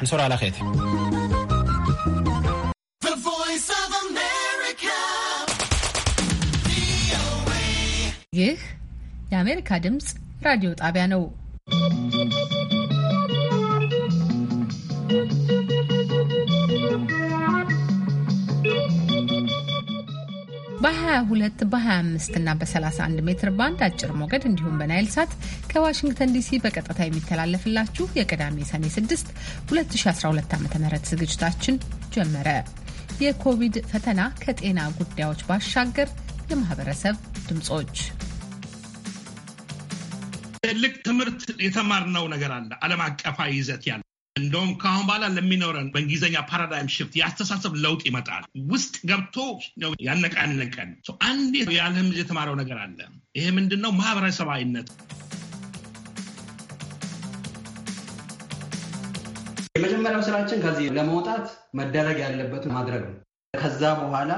انصر على خير ይህ የአሜሪካ ድምፅ ራዲዮ ጣቢያ ነው። በ22 በ25 እና በ31 ሜትር ባንድ አጭር ሞገድ እንዲሁም በናይል ሳት ከዋሽንግተን ዲሲ በቀጥታ የሚተላለፍላችሁ የቅዳሜ ሰኔ 6 2012 ዓ ም ዝግጅታችን ጀመረ። የኮቪድ ፈተና ከጤና ጉዳዮች ባሻገር የማህበረሰብ ድምፆች ትልቅ ትምህርት የተማርነው ነገር አለ። ዓለም አቀፋዊ ይዘት ያለ እንደውም ከአሁን በኋላ ለሚኖረን በእንግሊዝኛ ፓራዳይም ሽፍት የአስተሳሰብ ለውጥ ይመጣል። ውስጥ ገብቶ ያነቃነቀን አንድ ያለህም የተማረው ነገር አለ። ይሄ ምንድን ነው? ማህበረሰባዊነት። የመጀመሪያው ስራችን ከዚህ ለመውጣት መደረግ ያለበት ማድረግ ነው። ከዛ በኋላ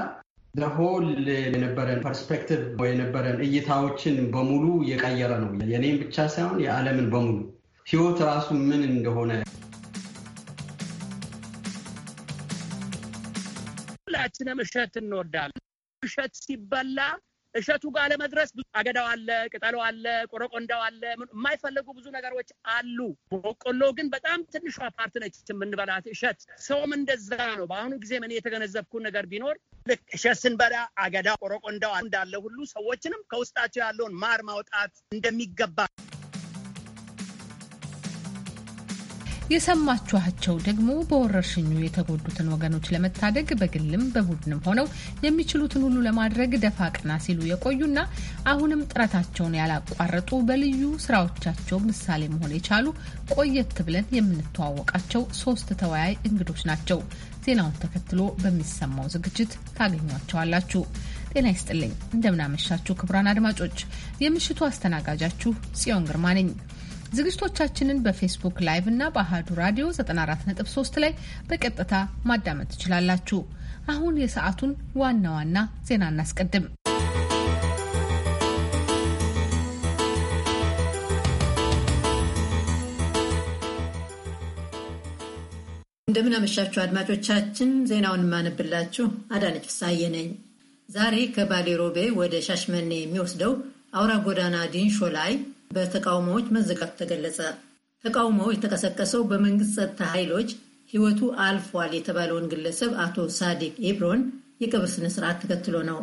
ለሆል የነበረን ፐርስፔክቲቭ የነበረን እይታዎችን በሙሉ የቀየረ ነው። የኔም ብቻ ሳይሆን የዓለምን በሙሉ ህይወት ራሱ ምን እንደሆነ ሁላችንም እሸት እንወዳለን። እሸት ሲበላ እሸቱ ጋር ለመድረስ ብዙ አገዳው አለ፣ ቅጠሉ አለ፣ ቆረቆንዳው አለ፣ የማይፈለጉ ብዙ ነገሮች አሉ። በቆሎ ግን በጣም ትንሿ ፓርት ነች የምንበላት እሸት። ሰውም እንደዛ ነው። በአሁኑ ጊዜ እኔ የተገነዘብኩን ነገር ቢኖር ልክ እሸት ስንበላ አገዳው፣ ቆረቆንዳው እንዳለ ሁሉ ሰዎችንም ከውስጣቸው ያለውን ማር ማውጣት እንደሚገባ የሰማችኋቸው ደግሞ በወረርሽኙ የተጎዱትን ወገኖች ለመታደግ በግልም በቡድንም ሆነው የሚችሉትን ሁሉ ለማድረግ ደፋ ቀና ሲሉ የቆዩና አሁንም ጥረታቸውን ያላቋረጡ በልዩ ስራዎቻቸው ምሳሌ መሆን የቻሉ ቆየት ብለን የምንተዋወቃቸው ሶስት ተወያይ እንግዶች ናቸው። ዜናውን ተከትሎ በሚሰማው ዝግጅት ታገኟቸዋላችሁ። ጤና ይስጥልኝ፣ እንደምናመሻችሁ ክቡራን አድማጮች፣ የምሽቱ አስተናጋጃችሁ ጽዮን ግርማ ነኝ። ዝግጅቶቻችንን በፌስቡክ ላይቭ እና በአህዱ ራዲዮ 94.3 ላይ በቀጥታ ማዳመጥ ትችላላችሁ። አሁን የሰዓቱን ዋና ዋና ዜና እናስቀድም። እንደምናመሻችሁ አድማጮቻችን፣ ዜናውን የማነብላችሁ አዳነች ፍሳዬ ነኝ። ዛሬ ከባሌ ሮቤ ወደ ሻሽመኔ የሚወስደው አውራ ጎዳና ዲንሾ ላይ በተቃውሞዎች መዘጋቱ ተገለጸ። ተቃውሞው የተቀሰቀሰው በመንግስት ጸጥታ ኃይሎች ሕይወቱ አልፏል የተባለውን ግለሰብ አቶ ሳዲቅ ኤብሮን የቀብር ስነ ስርዓት ተከትሎ ነው።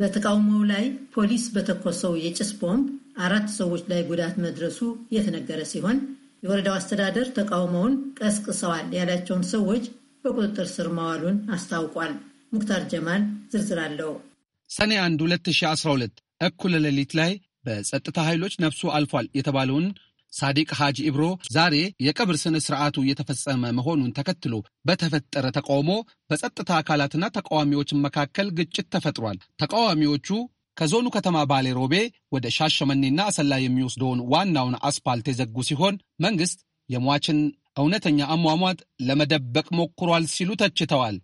በተቃውሞው ላይ ፖሊስ በተኮሰው የጭስ ቦምብ አራት ሰዎች ላይ ጉዳት መድረሱ የተነገረ ሲሆን የወረዳው አስተዳደር ተቃውሞውን ቀስቅሰዋል ያላቸውን ሰዎች በቁጥጥር ስር ማዋሉን አስታውቋል። ሙክታር ጀማል ዝርዝር አለው። ሰኔ 1 2012 እኩለ ሌሊት ላይ በጸጥታ ኃይሎች ነፍሱ አልፏል የተባለውን ሳዲቅ ሐጂ ኢብሮ ዛሬ የቀብር ስነ ስርዓቱ እየተፈጸመ መሆኑን ተከትሎ በተፈጠረ ተቃውሞ በጸጥታ አካላትና ተቃዋሚዎች መካከል ግጭት ተፈጥሯል። ተቃዋሚዎቹ ከዞኑ ከተማ ባሌ ሮቤ ወደ ሻሸመኔና አሰላ የሚወስደውን ዋናውን አስፓልት የዘጉ ሲሆን መንግሥት የሟችን እውነተኛ አሟሟት ለመደበቅ ሞክሯል ሲሉ ተችተዋል።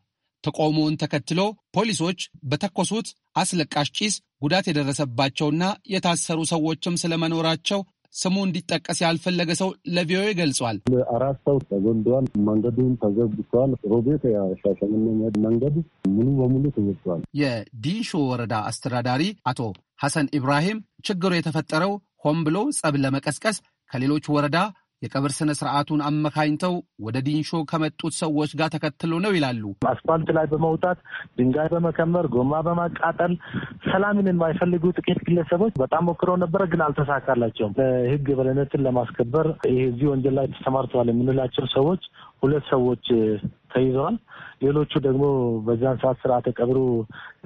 ተቃውሞውን ተከትሎ ፖሊሶች በተኮሱት አስለቃሽ ጭስ ጉዳት የደረሰባቸውና የታሰሩ ሰዎችም ስለመኖራቸው ስሙ እንዲጠቀስ ያልፈለገ ሰው ለቪኦኤ ገልጿል። አራት ሰው ተጎድቷል። መንገዱን ተዘግቷል። ሮቤት ሻሸመኔ መንገድ ሙሉ በሙሉ ተዘግቷል። የዲንሾ ወረዳ አስተዳዳሪ አቶ ሐሰን ኢብራሂም ችግሩ የተፈጠረው ሆን ብሎ ጸብ ለመቀስቀስ ከሌሎች ወረዳ የቀብር ስነ ስርዓቱን አመካኝተው ወደ ዲንሾ ከመጡት ሰዎች ጋር ተከትሎ ነው ይላሉ። አስፋልት ላይ በመውጣት ድንጋይ በመከመር ጎማ በማቃጠል ሰላምን የማይፈልጉ ጥቂት ግለሰቦች በጣም ሞክረው ነበረ፣ ግን አልተሳካላቸውም። ህግ የበላይነትን ለማስከበር እዚህ ወንጀል ላይ ተሰማርተዋል የምንላቸው ሰዎች ሁለት ሰዎች ተይዘዋል። ሌሎቹ ደግሞ በዚያን ሰዓት ስርዓተ ቀብሩ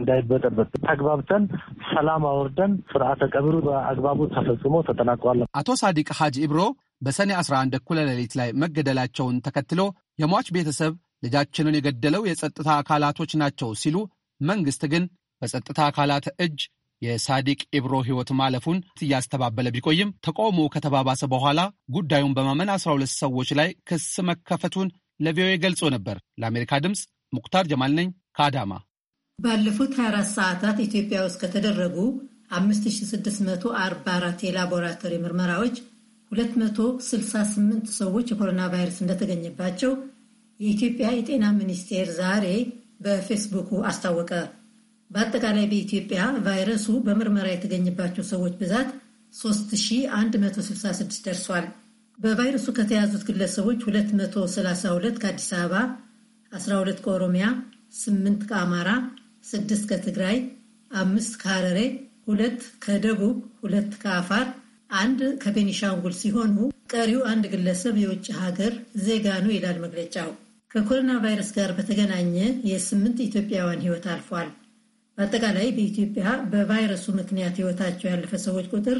እንዳይበጠበት ተግባብተን ሰላም አወርደን ስርዓተ ቀብሩ በአግባቡ ተፈጽሞ ተጠናቋል። አቶ ሳዲቅ ሀጅ ኢብሮ በሰኔ 11 እኩለ ሌሊት ላይ መገደላቸውን ተከትሎ የሟች ቤተሰብ ልጃችንን የገደለው የጸጥታ አካላቶች ናቸው ሲሉ፣ መንግሥት ግን በጸጥታ አካላት እጅ የሳዲቅ ኢብሮ ሕይወት ማለፉን እያስተባበለ ቢቆይም ተቃውሞ ከተባባሰ በኋላ ጉዳዩን በማመን 12 ሰዎች ላይ ክስ መከፈቱን ለቪኦኤ ገልጾ ነበር። ለአሜሪካ ድምፅ ሙክታር ጀማል ነኝ ከአዳማ። ባለፉት 24 ሰዓታት ኢትዮጵያ ውስጥ ከተደረጉ 5644 የላቦራቶሪ ምርመራዎች 268 ሰዎች የኮሮና ቫይረስ እንደተገኘባቸው የኢትዮጵያ የጤና ሚኒስቴር ዛሬ በፌስቡኩ አስታወቀ። በአጠቃላይ በኢትዮጵያ ቫይረሱ በምርመራ የተገኘባቸው ሰዎች ብዛት 3166 ደርሷል። በቫይረሱ ከተያዙት ግለሰቦች 232 ከአዲስ አበባ፣ 12 ከኦሮሚያ፣ 8 ከአማራ፣ 6 ከትግራይ፣ 5 ከሐረሬ፣ 2 ከደቡብ፣ 2 ከአፋር አንድ ከቤኒሻንጉል ሲሆኑ ቀሪው አንድ ግለሰብ የውጭ ሀገር ዜጋ ነው ይላል መግለጫው። ከኮሮና ቫይረስ ጋር በተገናኘ የስምንት ኢትዮጵያውያን ሕይወት አልፏል። በአጠቃላይ በኢትዮጵያ በቫይረሱ ምክንያት ሕይወታቸው ያለፈ ሰዎች ቁጥር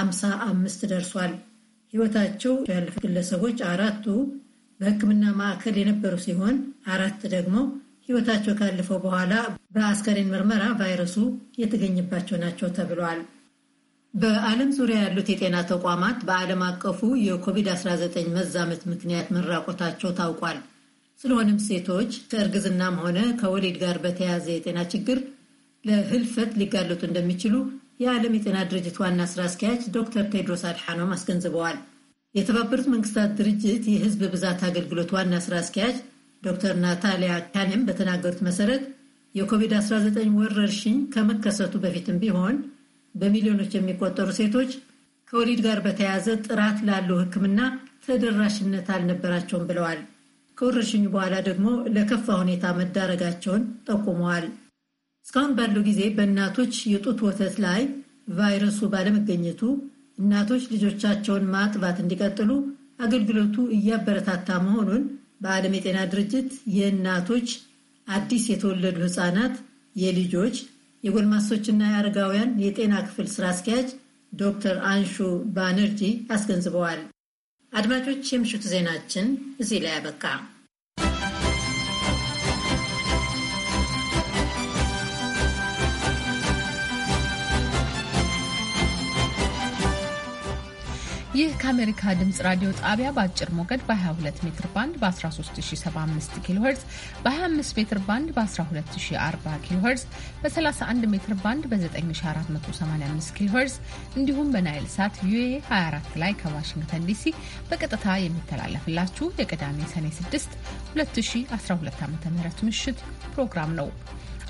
አምሳ አምስት ደርሷል። ሕይወታቸው ያለፈ ግለሰቦች አራቱ በሕክምና ማዕከል የነበሩ ሲሆን አራት ደግሞ ሕይወታቸው ካለፈው በኋላ በአስከሬን ምርመራ ቫይረሱ የተገኘባቸው ናቸው ተብሏል። በዓለም ዙሪያ ያሉት የጤና ተቋማት በዓለም አቀፉ የኮቪድ-19 መዛመት ምክንያት መራቆታቸው ታውቋል። ስለሆነም ሴቶች ከእርግዝናም ሆነ ከወሊድ ጋር በተያያዘ የጤና ችግር ለህልፈት ሊጋለጡ እንደሚችሉ የዓለም የጤና ድርጅት ዋና ስራ አስኪያጅ ዶክተር ቴድሮስ አድሓኖም አስገንዝበዋል። የተባበሩት መንግስታት ድርጅት የህዝብ ብዛት አገልግሎት ዋና ስራ አስኪያጅ ዶክተር ናታሊያ ካኔም በተናገሩት መሰረት የኮቪድ-19 ወረርሽኝ ከመከሰቱ በፊትም ቢሆን በሚሊዮኖች የሚቆጠሩ ሴቶች ከወሊድ ጋር በተያያዘ ጥራት ላለው ሕክምና ተደራሽነት አልነበራቸውም ብለዋል። ከወረርሽኙ በኋላ ደግሞ ለከፋ ሁኔታ መዳረጋቸውን ጠቁመዋል። እስካሁን ባለው ጊዜ በእናቶች የጡት ወተት ላይ ቫይረሱ ባለመገኘቱ እናቶች ልጆቻቸውን ማጥባት እንዲቀጥሉ አገልግሎቱ እያበረታታ መሆኑን በዓለም የጤና ድርጅት የእናቶች አዲስ የተወለዱ ህፃናት የልጆች የጎልማሶችና የአረጋውያን የጤና ክፍል ስራ አስኪያጅ ዶክተር አንሹ ባነርጂ አስገንዝበዋል። አድማጮች፣ የምሽቱ ዜናችን እዚህ ላይ አበቃ። ይህ ከአሜሪካ ድምጽ ራዲዮ ጣቢያ በአጭር ሞገድ በ22 ሜትር ባንድ በ13075 ኪሎ ሄርዝ በ25 ሜትር ባንድ በ1240 ኪሎ ሄርዝ በ31 ሜትር ባንድ በ9485 ኪሎ ሄርዝ እንዲሁም በናይል ሳት ቪኦኤ 24 ላይ ከዋሽንግተን ዲሲ በቀጥታ የሚተላለፍላችሁ የቅዳሜ ሰኔ 6 2012 ዓ ም ምሽት ፕሮግራም ነው።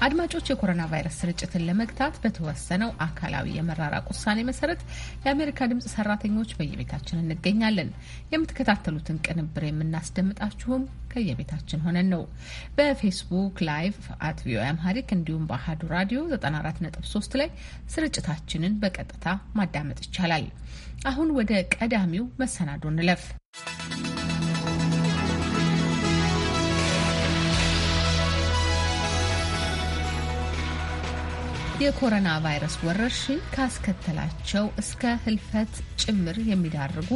አድማጮች የኮሮና ቫይረስ ስርጭትን ለመግታት በተወሰነው አካላዊ የመራራቅ ውሳኔ መሰረት የአሜሪካ ድምጽ ሰራተኞች በየቤታችን እንገኛለን። የምትከታተሉትን ቅንብር የምናስደምጣችሁም ከየቤታችን ሆነን ነው። በፌስቡክ ላይቭ አት ቪኦኤ አምሃሪክ እንዲሁም በአህዱ ራዲዮ 94.3 ላይ ስርጭታችንን በቀጥታ ማዳመጥ ይቻላል። አሁን ወደ ቀዳሚው መሰናዶ እንለፍ። የኮሮና ቫይረስ ወረርሽኝ ካስከተላቸው እስከ ህልፈት ጭምር የሚዳርጉ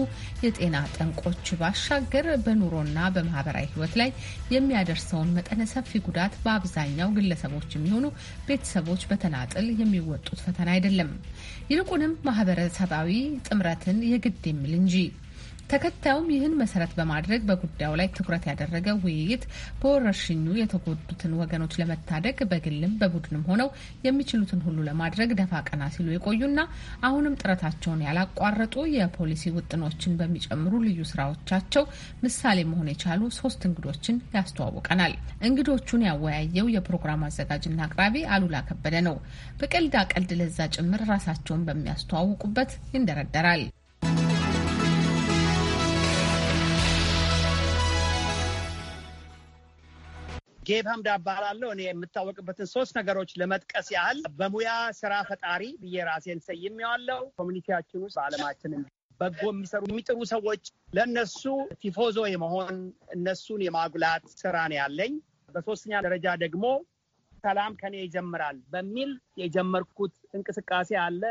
የጤና ጠንቆች ባሻገር በኑሮና በማህበራዊ ህይወት ላይ የሚያደርሰውን መጠነ ሰፊ ጉዳት በአብዛኛው ግለሰቦች የሚሆኑ ቤተሰቦች በተናጥል የሚወጡት ፈተና አይደለም። ይልቁንም ማህበረሰባዊ ጥምረትን የግድ የሚል እንጂ ተከታዩም ይህን መሰረት በማድረግ በጉዳዩ ላይ ትኩረት ያደረገ ውይይት በወረርሽኙ የተጎዱትን ወገኖች ለመታደግ በግልም በቡድንም ሆነው የሚችሉትን ሁሉ ለማድረግ ደፋ ቀና ሲሉ የቆዩና አሁንም ጥረታቸውን ያላቋረጡ የፖሊሲ ውጥኖችን በሚጨምሩ ልዩ ስራዎቻቸው ምሳሌ መሆን የቻሉ ሶስት እንግዶችን ያስተዋውቀናል። እንግዶቹን ያወያየው የፕሮግራም አዘጋጅና አቅራቢ አሉላ ከበደ ነው። በቀልዳ ቀልድ ለዛ ጭምር ራሳቸውን በሚያስተዋውቁበት ይንደረደራል። ጌብ ሀምዳ እባላለሁ። እኔ የምታወቅበትን ሶስት ነገሮች ለመጥቀስ ያህል በሙያ ስራ ፈጣሪ ብዬ ራሴን ሰይሜዋለሁ። ኮሚኒቲያችን ውስጥ በአለማችን በጎ የሚሰሩ የሚጥሩ ሰዎች ለእነሱ ቲፎዞ የመሆን እነሱን የማጉላት ስራ ነው ያለኝ። በሶስተኛ ደረጃ ደግሞ ሰላም ከኔ ይጀምራል በሚል የጀመርኩት እንቅስቃሴ አለ።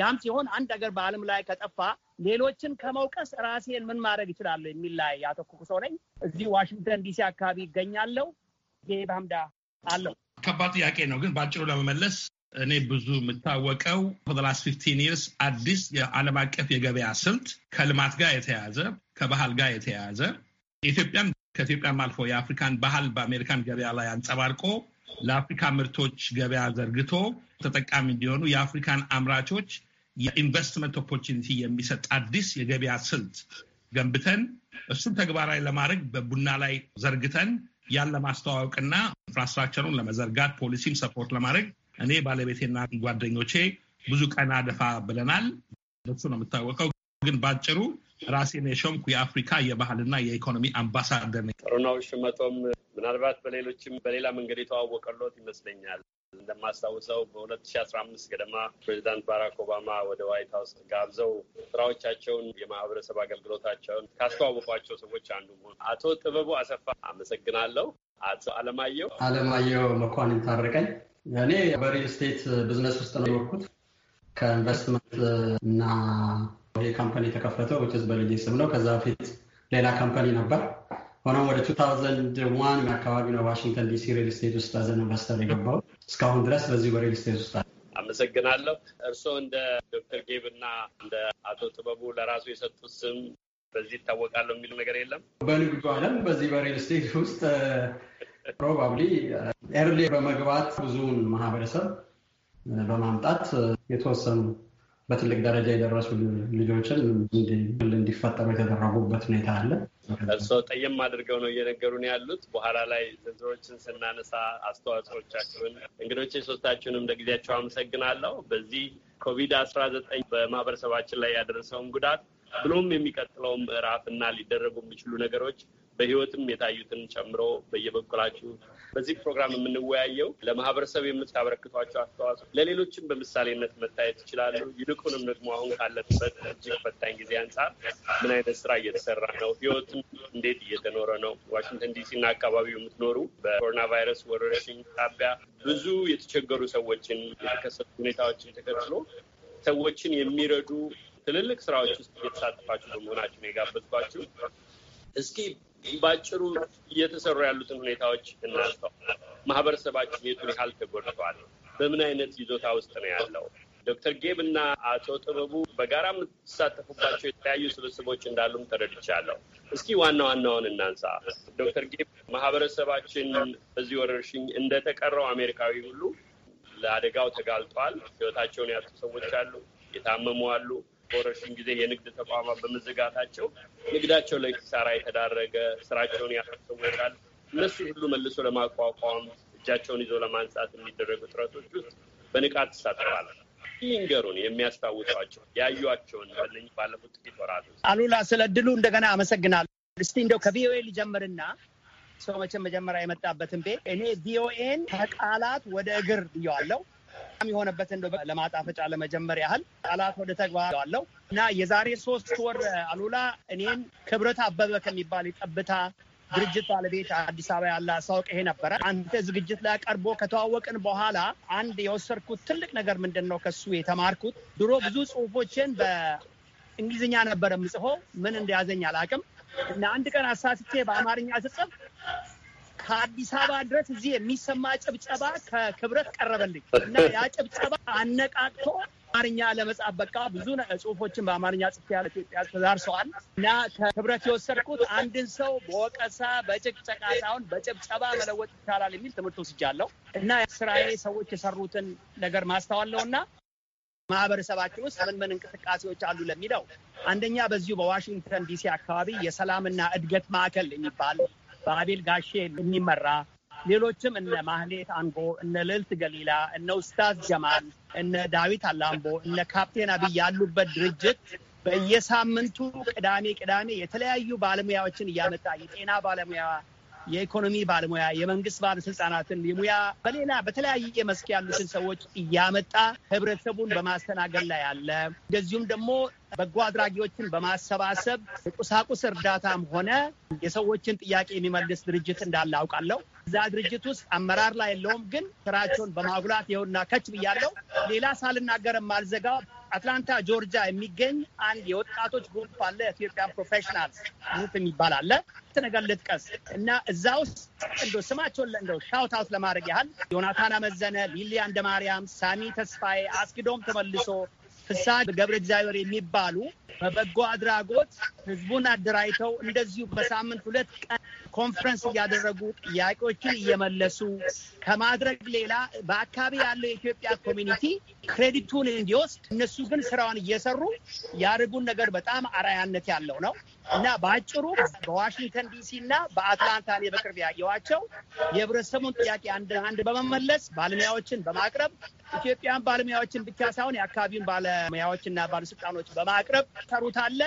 ያም ሲሆን አንድ ነገር በዓለም ላይ ከጠፋ ሌሎችን ከመውቀስ ራሴን ምን ማድረግ ይችላሉ የሚል ላይ ያተኩኩ ሰው ነኝ። እዚህ ዋሽንግተን ዲሲ አካባቢ ይገኛለሁ። ጌብ ሀምዳ አለው። ከባድ ጥያቄ ነው፣ ግን በአጭሩ ለመመለስ እኔ ብዙ የምታወቀው ላስ ፊፍቲን ይርስ አዲስ የዓለም አቀፍ የገበያ ስልት ከልማት ጋር የተያያዘ ከባህል ጋር የተያያዘ ኢትዮጵያም ከኢትዮጵያም አልፎ የአፍሪካን ባህል በአሜሪካን ገበያ ላይ አንጸባርቆ ለአፍሪካ ምርቶች ገበያ ዘርግቶ ተጠቃሚ እንዲሆኑ የአፍሪካን አምራቾች የኢንቨስትመንት ኦፖርቹኒቲ የሚሰጥ አዲስ የገበያ ስልት ገንብተን እሱን ተግባራዊ ለማድረግ በቡና ላይ ዘርግተን ያን ለማስተዋወቅና ኢንፍራስትራክቸሩን ለመዘርጋት ፖሊሲም ሰፖርት ለማድረግ እኔ ባለቤቴና ጓደኞቼ ብዙ ቀና ደፋ ብለናል። በሱ ነው የምታወቀው። ግን ባጭሩ ራሴን የሾምኩ የአፍሪካ የባህልና የኢኮኖሚ አምባሳደር ነኝ። ጥሩ ነው ሽመቶም። ምናልባት በሌሎችም በሌላ መንገድ የተዋወቀሎት ይመስለኛል። እንደማስታውሰው በ2015 ገደማ ፕሬዚዳንት ባራክ ኦባማ ወደ ዋይት ሀውስ ጋብዘው ስራዎቻቸውን የማህበረሰብ አገልግሎታቸውን ካስተዋወቋቸው ሰዎች አንዱ መሆኑ አቶ ጥበቡ አሰፋ አመሰግናለሁ። አቶ አለማየሁ አለማየሁ መኳንን ታረቀኝ። እኔ በሪል ስቴት ቢዝነስ ውስጥ ነው የወኩት ከኢንቨስትመንት እና ይህ ካምፓኒ የተከፈተው ውጭዝ በልጅ ስም ነው። ከዛ በፊት ሌላ ካምፓኒ ነበር። ሆኖም ወደ ቱ ታውዘንድ ዋን አካባቢ ነው ዋሽንግተን ዲሲ ሪል ስቴት ውስጥ አዘን ኢንቨስተር የገባው። እስካሁን ድረስ በዚህ በሪል ስቴት ውስጥ አለ። አመሰግናለሁ። እርስዎ እንደ ዶክተር ጌብ እና እንደ አቶ ጥበቡ ለራሱ የሰጡት ስም በዚህ ይታወቃለሁ የሚሉ ነገር የለም። በንግዱ ዓለም በዚህ በሪል ስቴት ውስጥ ፕሮባብሊ ኤርሊ በመግባት ብዙውን ማህበረሰብ በማምጣት የተወሰኑ በትልቅ ደረጃ የደረሱ ልጆችን እንዲፈጠሩ የተደረጉበት ሁኔታ አለ። እርስዎ ጠየም አድርገው ነው እየነገሩን ያሉት። በኋላ ላይ ዝርዝሮችን ስናነሳ አስተዋጽኦቻችሁን፣ እንግዶች ሶስታችሁንም ለጊዜያቸው አመሰግናለሁ። በዚህ ኮቪድ አስራ ዘጠኝ በማህበረሰባችን ላይ ያደረሰውን ጉዳት ብሎም የሚቀጥለው ምዕራፍ እና ሊደረጉ የሚችሉ ነገሮች በህይወትም የታዩትን ጨምሮ በየበኩላችሁ በዚህ ፕሮግራም የምንወያየው ለማህበረሰብ የምታበረክቷቸው አስተዋጽኦ ለሌሎችም በምሳሌነት መታየት ይችላሉ። ይልቁንም ደግሞ አሁን ካለንበት እጅግ ፈታኝ ጊዜ አንጻር ምን አይነት ስራ እየተሰራ ነው፣ ህይወትም እንዴት እየተኖረ ነው። ዋሽንግተን ዲሲ እና አካባቢው የምትኖሩ በኮሮና ቫይረስ ወረርሽኝ ሳቢያ ብዙ የተቸገሩ ሰዎችን የተከሰቱ ሁኔታዎችን ተከትሎ ሰዎችን የሚረዱ ትልልቅ ስራዎች ውስጥ እየተሳተፋችሁ በመሆናችሁ ነው የጋበዝኳችሁ። እስኪ በአጭሩ እየተሰሩ ያሉትን ሁኔታዎች እናስተው። ማህበረሰባችን የቱን ያህል ተጎድቷል? በምን አይነት ይዞታ ውስጥ ነው ያለው? ዶክተር ጌብ እና አቶ ጥበቡ በጋራ የምትሳተፉባቸው የተለያዩ ስብስቦች እንዳሉም ተረድቻለሁ። እስኪ ዋና ዋናውን እናንሳ። ዶክተር ጌብ ማህበረሰባችን በዚህ ወረርሽኝ እንደተቀረው አሜሪካዊ ሁሉ ለአደጋው ተጋልጧል። ህይወታቸውን ያጡ ሰዎች አሉ፣ የታመሙ አሉ። በወረርሽኝ ጊዜ የንግድ ተቋማት በመዘጋታቸው ንግዳቸው ላይ የተዳረገ ስራቸውን ያፈሰወታል። እነሱ ሁሉ መልሶ ለማቋቋም እጃቸውን ይዞ ለማንሳት የሚደረጉ ጥረቶች ውስጥ በንቃት ይሳተፋል። ይንገሩን የሚያስታውሷቸው ያዩቸውን በነ ባለፉት ጥቂት ወራት አሉላ ስለ ድሉ እንደገና አመሰግናለሁ። እስቲ እንደው ከቪኦኤ ሊጀምርና ሰው መቼም መጀመሪያ የመጣበትን ቤት እኔ ቪኦኤን ከቃላት ወደ እግር ብያዋለው የሆነበት እንደው ለማጣፈጫ ለመጀመር ያህል ቃላት ወደ ተግባር አለው እና የዛሬ ሶስት ወር አሉላ እኔን ክብረት አበበ ከሚባል የጠብታ ድርጅት ባለቤት አዲስ አበባ ያለ ይሄ ነበረ። አንተ ዝግጅት ላይ ቀርቦ ከተዋወቅን በኋላ አንድ የወሰድኩት ትልቅ ነገር ምንድን ነው ከሱ የተማርኩት ድሮ ብዙ ጽሁፎችን በእንግሊዝኛ ነበረ የምጽፈው። ምን እንደያዘኝ አላቅም እና አንድ ቀን አሳስቼ በአማርኛ ስጽፍ ከአዲስ አበባ ድረስ እዚህ የሚሰማ ጭብጨባ ከክብረት ቀረበልኝ እና ያ ጭብጨባ አነቃቅቶ አማርኛ ለመጻፍ በቃ ብዙ ጽሁፎችን በአማርኛ ጽፌ ያለ ኢትዮጵያ ተዛርሰዋል እና ከክብረት የወሰድኩት አንድን ሰው በወቀሳ በጭቅጨቃ ሳይሆን በጭብጨባ መለወጥ ይቻላል የሚል ትምህርት ወስጃለሁ እና ስራዬ ሰዎች የሰሩትን ነገር ማስተዋለው እና ማህበረሰባችን ውስጥ ምን ምን እንቅስቃሴዎች አሉ ለሚለው አንደኛ በዚሁ በዋሽንግተን ዲሲ አካባቢ የሰላምና እድገት ማዕከል የሚባል በአቤል ጋሼ የሚመራ ሌሎችም እነ ማህሌት አንጎ፣ እነ ልልት ገሊላ፣ እነ ውስታዝ ጀማል፣ እነ ዳዊት አላምቦ፣ እነ ካፕቴን አብይ ያሉበት ድርጅት በየሳምንቱ ቅዳሜ ቅዳሜ የተለያዩ ባለሙያዎችን እያመጣ የጤና ባለሙያ፣ የኢኮኖሚ ባለሙያ፣ የመንግስት ባለስልጣናትን፣ የሙያ በሌላ በተለያየ መስክ ያሉትን ሰዎች እያመጣ ህብረተሰቡን በማስተናገድ ላይ አለ። እንደዚሁም ደግሞ በጎ አድራጊዎችን በማሰባሰብ ቁሳቁስ እርዳታም ሆነ የሰዎችን ጥያቄ የሚመልስ ድርጅት እንዳለ አውቃለሁ። እዛ ድርጅት ውስጥ አመራር ላይ የለውም፣ ግን ስራቸውን በማጉላት ይኸውና ከች ብያለሁ። ሌላ ሳልናገር ማልዘጋ አትላንታ ጆርጂያ የሚገኝ አንድ የወጣቶች ግሩፕ አለ። ኢትዮጵያን ፕሮፌሽናል ግሩፕ የሚባል አለ። ነገር ልጥቀስ እና እዛ ውስጥ እንደ ስማቸውን እንደው ሻውት አውት ለማድረግ ያህል ዮናታን አመዘነ፣ ሊሊ ማርያም ሳሚ ተስፋዬ፣ አስኪዶም ተመልሶ ፍሳ ገብረ እግዚአብሔር የሚባሉ በበጎ አድራጎት ህዝቡን አደራጅተው እንደዚሁ በሳምንት ሁለት ቀን ኮንፈረንስ እያደረጉ ጥያቄዎችን እየመለሱ ከማድረግ ሌላ በአካባቢ ያለው የኢትዮጵያ ኮሚኒቲ ክሬዲቱን እንዲወስድ እነሱ ግን ስራውን እየሰሩ ያደርጉን ነገር በጣም አራያነት ያለው ነው እና በአጭሩ በዋሽንግተን ዲሲ እና በአትላንታ እኔ በቅርብ ያየኋቸው የህብረተሰቡን ጥያቄ አንድ አንድ በመመለስ ባለሙያዎችን በማቅረብ ኢትዮጵያን ባለሙያዎችን ብቻ ሳይሆን የአካባቢውን ባለሙያዎችና ባለስልጣኖች በማቅረብ ሰሩት አለ።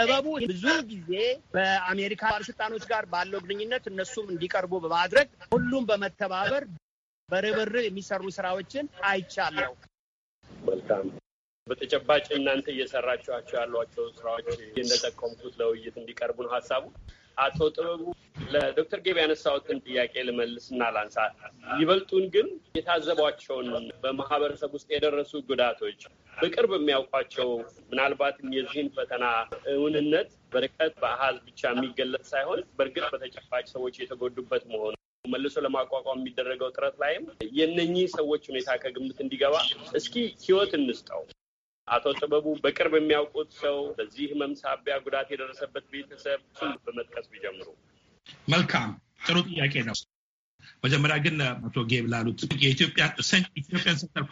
ጥበቡ ብዙ ጊዜ በአሜሪካ ባለስልጣኖች ጋር ባለው ግንኙነት እነሱም እንዲቀርቡ በማድረግ ሁሉም በመተባበር በርብርብ የሚሰሩ ስራዎችን አይቻለው። መልካም። በተጨባጭ እናንተ እየሰራችኋቸው ያሏቸው ስራዎች እንደጠቀምኩት ለውይይት እንዲቀርቡ ነው ሀሳቡ። አቶ ጥበቡ ለዶክተር ጌብ ያነሳሁትን ጥያቄ ልመልስና ላንሳ። ይበልጡን ግን የታዘቧቸውን በማህበረሰብ ውስጥ የደረሱ ጉዳቶች በቅርብ የሚያውቋቸው ምናልባትም የዚህን ፈተና እውንነት በርቀት በአሃዝ ብቻ የሚገለጽ ሳይሆን በእርግጥ በተጨባጭ ሰዎች የተጎዱበት መሆኑ መልሶ ለማቋቋም የሚደረገው ጥረት ላይም የነኚህ ሰዎች ሁኔታ ከግምት እንዲገባ እስኪ ህይወት እንስጠው። አቶ ጥበቡ በቅርብ የሚያውቁት ሰው በዚህ ህመም ሳቢያ ጉዳት የደረሰበት ቤተሰብ እሱን በመጥቀስ ቢጀምሩ። መልካም ጥሩ ጥያቄ ነው። መጀመሪያ ግን አቶ ጌብ ላሉት የኢትዮጵያን ሴንተር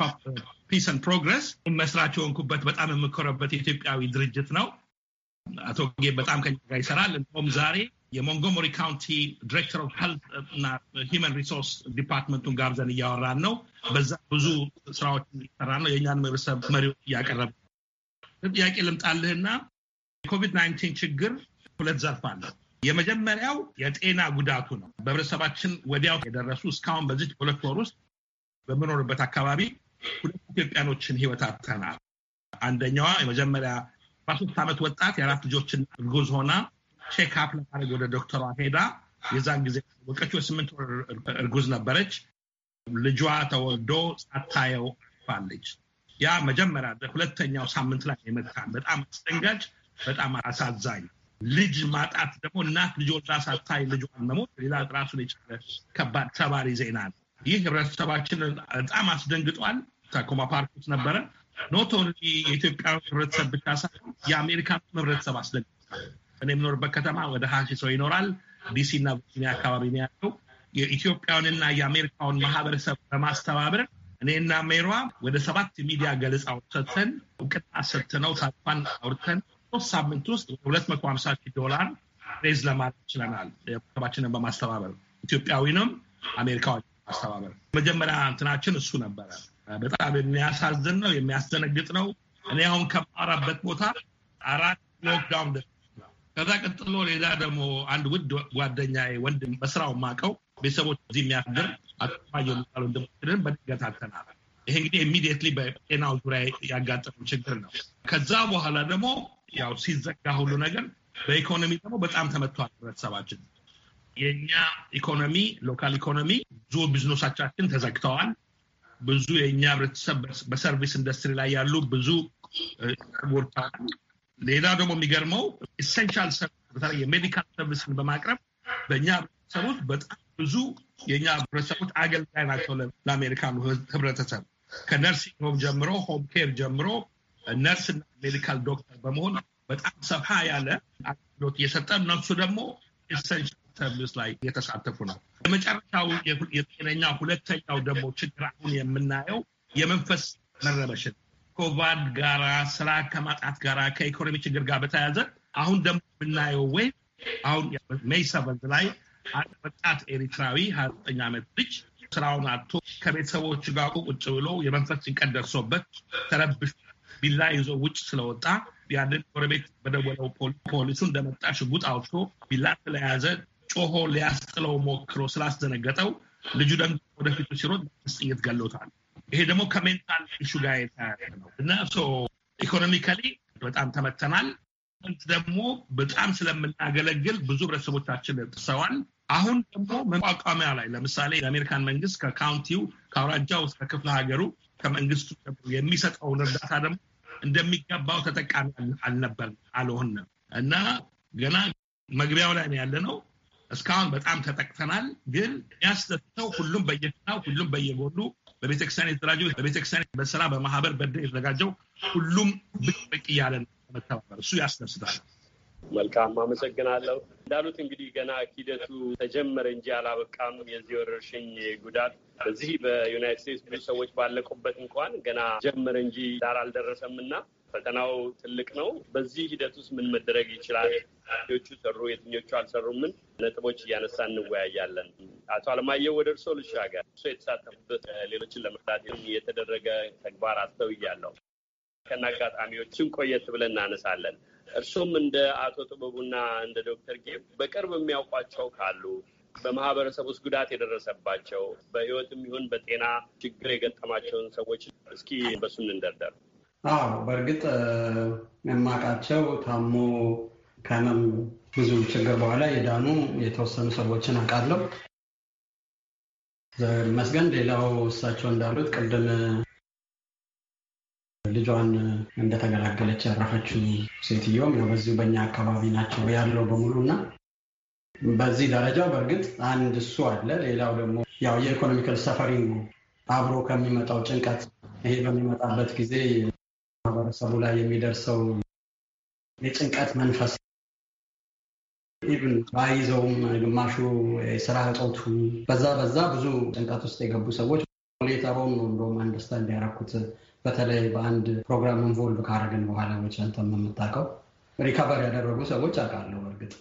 ፒስ ፕሮግረስ መስራች የሆንኩበት በጣም የምኮረበት የኢትዮጵያዊ ድርጅት ነው። አቶ ጌብ በጣም ከኛ ጋር ይሰራል። እንደውም ዛሬ የሞንጎመሪ ካውንቲ ዲሬክተር ኦፍ ሄልት እና ሂውማን ሪሶርስ ዲፓርትመንቱን ጋብዘን እያወራን ነው። በዛ ብዙ ስራዎች እየሰራ ነው። የእኛን ማህበረሰብ መሪዎች እያቀረብ ጥያቄ ልምጣልህና የኮቪድ ናይንቲን ችግር ሁለት ዘርፍ አለው። የመጀመሪያው የጤና ጉዳቱ ነው። በህብረተሰባችን ወዲያው የደረሱ እስካሁን በዚህ ሁለት ወር ውስጥ በምኖርበት አካባቢ ሁለት ኢትዮጵያኖችን ህይወት አጥተናል። አንደኛዋ የመጀመሪያ በሶስት ዓመት ወጣት የአራት ልጆችን እርጉዝ ሆና ቼክአፕ ለማድረግ ወደ ዶክተሯ ሄዳ የዛን ጊዜ ወቀችው። ስምንት ወር እርጉዝ ነበረች። ልጇ ተወልዶ ሳታየው አልፋለች። ያ መጀመሪያ ሁለተኛው ሳምንት ላይ ይመታል። በጣም አስደንጋጭ፣ በጣም አሳዛኝ። ልጅ ማጣት ደግሞ እናት ልጅ ወልዳ ሳታይ ልጇን መሞት ሌላ ራሱን የቻለ ከባድ ሰባሪ ዜና ነው። ይህ ህብረተሰባችን በጣም አስደንግጧል። ታኮማ ፓርክ ውስጥ ነበረ። ኖት ኦንሊ የኢትዮጵያ ህብረተሰብ ብቻ ሳይሆን የአሜሪካ ህብረተሰብ አስደንግጧል። እኔ የምኖርበት ከተማ ወደ ሀሺ ሰው ይኖራል። ዲሲ እና ቨርጂኒያ አካባቢ ነው ያለው። የኢትዮጵያውንና የአሜሪካውን ማህበረሰብ በማስተባበር እኔና ሜሯ ወደ ሰባት ሚዲያ ገለጻ ሰጥተን እውቅና ሰጥተነው ታሪኳን አውርተን ሶስት ሳምንት ውስጥ ወደ ሁለት መቶ ሀምሳ ሺህ ዶላር ሬዝ ለማድረግ ችለናል። ቤተሰባችንን በማስተባበር ኢትዮጵያዊንም አሜሪካዊ ማስተባበር መጀመሪያ እንትናችን እሱ ነበረ። በጣም የሚያሳዝን ነው፣ የሚያስደነግጥ ነው። እኔ አሁን ከማወራበት ቦታ አራት ሎክዳውን ከዛ ቀጥሎ ሌላ ደግሞ አንድ ውድ ጓደኛ ወንድም በስራው ማቀው ቤተሰቦች እዚህ የሚያገር አጠፋየ የሚባል ወንድሞችንን በድንገት አተናል። ይሄ እንግዲህ ኢሚዲየትሊ በጤናው ዙሪያ ያጋጠመው ችግር ነው። ከዛ በኋላ ደግሞ ያው ሲዘጋ ሁሉ ነገር በኢኮኖሚ ደግሞ በጣም ተመቷል። ህብረተሰባችን የእኛ ኢኮኖሚ ሎካል ኢኮኖሚ ብዙ ቢዝነሶቻችን ተዘግተዋል። ብዙ የእኛ ህብረተሰብ በሰርቪስ ኢንዱስትሪ ላይ ያሉ ብዙ ቦርታል ሌላ ደግሞ የሚገርመው ኢሴንሻል ሰርቪስ በተለይ የሜዲካል ሰርቪስን በማቅረብ በእኛ ህብረተሰቦች በጣም ብዙ የእኛ ህብረተሰቦች አገልጋይ ናቸው ለአሜሪካኑ ህብረተሰብ ከነርሲንግ ሆም ጀምሮ ሆም ኬር ጀምሮ ነርስና ሜዲካል ዶክተር በመሆን በጣም ሰፋ ያለ አገልግሎት እየሰጠ እነሱ ደግሞ ኢሰንሻል ሰርቪስ ላይ እየተሳተፉ ነው። የመጨረሻው የጤነኛ ሁለተኛው ደግሞ ችግር አሁን የምናየው የመንፈስ መረበሽን ኮቫድ ጋራ ስራ ከማጣት ጋራ ከኢኮኖሚ ችግር ጋር በተያያዘ አሁን ደግሞ የምናየው ወይ አሁን ሜይ ሰቨንት ላይ አንድ ወጣት ኤሪትራዊ ሀያ ዘጠኝ ዓመት ልጅ ስራውን አቶ ከቤተሰቦቹ ጋር ቁጭ ብሎ የመንፈስ ጭንቀት ደርሶበት ተረብሽ ቢላ ይዞ ውጭ ስለወጣ ያንን ጎረቤት በደወለው ፖሊሱ እንደመጣ ሽጉጥ አውጥቶ ቢላ ስለያዘ ጮሆ ሊያስጥለው ሞክሮ ስላስደነገጠው ልጁ ደግሞ ወደፊቱ ሲሮጥ በስጥይት ገለውታል። ይሄ ደግሞ ከሜንታል ኢሹ ጋር የተያያዘ ነው እና ኢኮኖሚካሊ በጣም ተመተናል። ደግሞ በጣም ስለምናገለግል ብዙ ህብረተሰቦቻችን ጥሰዋል። አሁን ደግሞ መቋቋሚያ ላይ ለምሳሌ የአሜሪካን መንግስት ከካውንቲው ከአውራጃው እስከ ክፍለ ሀገሩ ከመንግስቱ የሚሰጠውን እርዳታ ደግሞ እንደሚገባው ተጠቃሚ አልነበር አልሆንም እና ገና መግቢያው ላይ ነው ያለ ነው። እስካሁን በጣም ተጠቅተናል። ግን የሚያስደስተው ሁሉም በየፊናው ሁሉም በየጎሉ በቤተክርስቲያን የተደራጁ በቤተክርስቲያን በስራ በማህበር በደ የተዘጋጀው ሁሉም ብቅ ብቅ እያለ መተባበር እሱ ያስደስታል። መልካም አመሰግናለሁ። እንዳሉት እንግዲህ ገና ሂደቱ ተጀመረ እንጂ አላበቃም። የዚህ ወረርሽኝ ጉዳት በዚህ በዩናይት ስቴትስ ብዙ ሰዎች ባለቁበት እንኳን ገና ጀመረ እንጂ ዳር አልደረሰም እና ፈተናው ትልቅ ነው። በዚህ ሂደት ውስጥ ምን መደረግ ይችላል? የትኞቹ ሰሩ፣ የትኞቹ አልሰሩ? ምን ነጥቦች እያነሳ እንወያያለን። አቶ አለማየሁ ወደ እርሶ ልሻገር። እርስዎ የተሳተፉበት ሌሎችን ለመርዳት የተደረገ ተግባር አስተውያለሁ። ከና አጋጣሚዎችን ቆየት ብለን እናነሳለን። እርሱም እንደ አቶ ጥበቡና እንደ ዶክተር ጌብ በቅርብ የሚያውቋቸው ካሉ በማህበረሰብ ውስጥ ጉዳት የደረሰባቸው በህይወትም ይሁን በጤና ችግር የገጠማቸውን ሰዎች እስኪ በሱ እንደርደር። አዎ በእርግጥ የማውቃቸው ታሞ ከህመም ብዙ ችግር በኋላ የዳኑ የተወሰኑ ሰዎችን አውቃለሁ። መስገን ሌላው እሳቸው እንዳሉት ቅድም ልጇን እንደተገላገለች ያረፈችው ሴትዮም ነው በዚሁ በእኛ አካባቢ ናቸው ያለው በሙሉ እና በዚህ ደረጃ በእርግጥ አንድ እሱ አለ። ሌላው ደግሞ ያው የኢኮኖሚካል ሰፈሪንግ አብሮ ከሚመጣው ጭንቀት ይሄ በሚመጣበት ጊዜ ማህበረሰቡ ላይ የሚደርሰው የጭንቀት መንፈስ ኢቭን ባይዘውም ግማሹ የስራ እጦቱ በዛ በዛ ብዙ ጭንቀት ውስጥ የገቡ ሰዎች ሁኔታውን ነው እንደውም አንደርስታንድ ያደረኩት በተለይ በአንድ ፕሮግራም ኢንቮልቭ ካደረግን በኋላ መች አንተም የምታውቀው ሪካቨር ያደረጉ ሰዎች አውቃለሁ። እርግጥ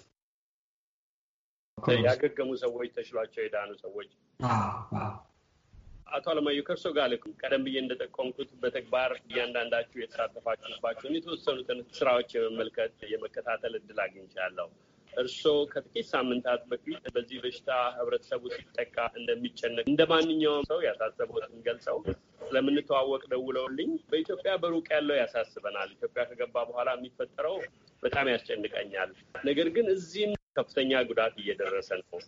ያገገሙ ሰዎች፣ ተሽሏቸው የዳኑ ሰዎች። አቶ አለማየሁ ከእርሶ ጋር ልክ ቀደም ብዬ እንደጠቆምኩት በተግባር እያንዳንዳችሁ የተሳተፋችሁባቸውን የተወሰኑትን ስራዎች የመመልከት የመከታተል እድል አግኝቻለሁ። እርስዎ ከጥቂት ሳምንታት በፊት በዚህ በሽታ ህብረተሰቡ ሲጠቃ እንደሚጨነቅ እንደ ማንኛውም ሰው ያሳሰቦትን ገልጸው ስለምንተዋወቅ ደውለውልኝ በኢትዮጵያ በሩቅ ያለው ያሳስበናል፣ ኢትዮጵያ ከገባ በኋላ የሚፈጠረው በጣም ያስጨንቀኛል፣ ነገር ግን እዚህም ከፍተኛ ጉዳት እየደረሰ ነው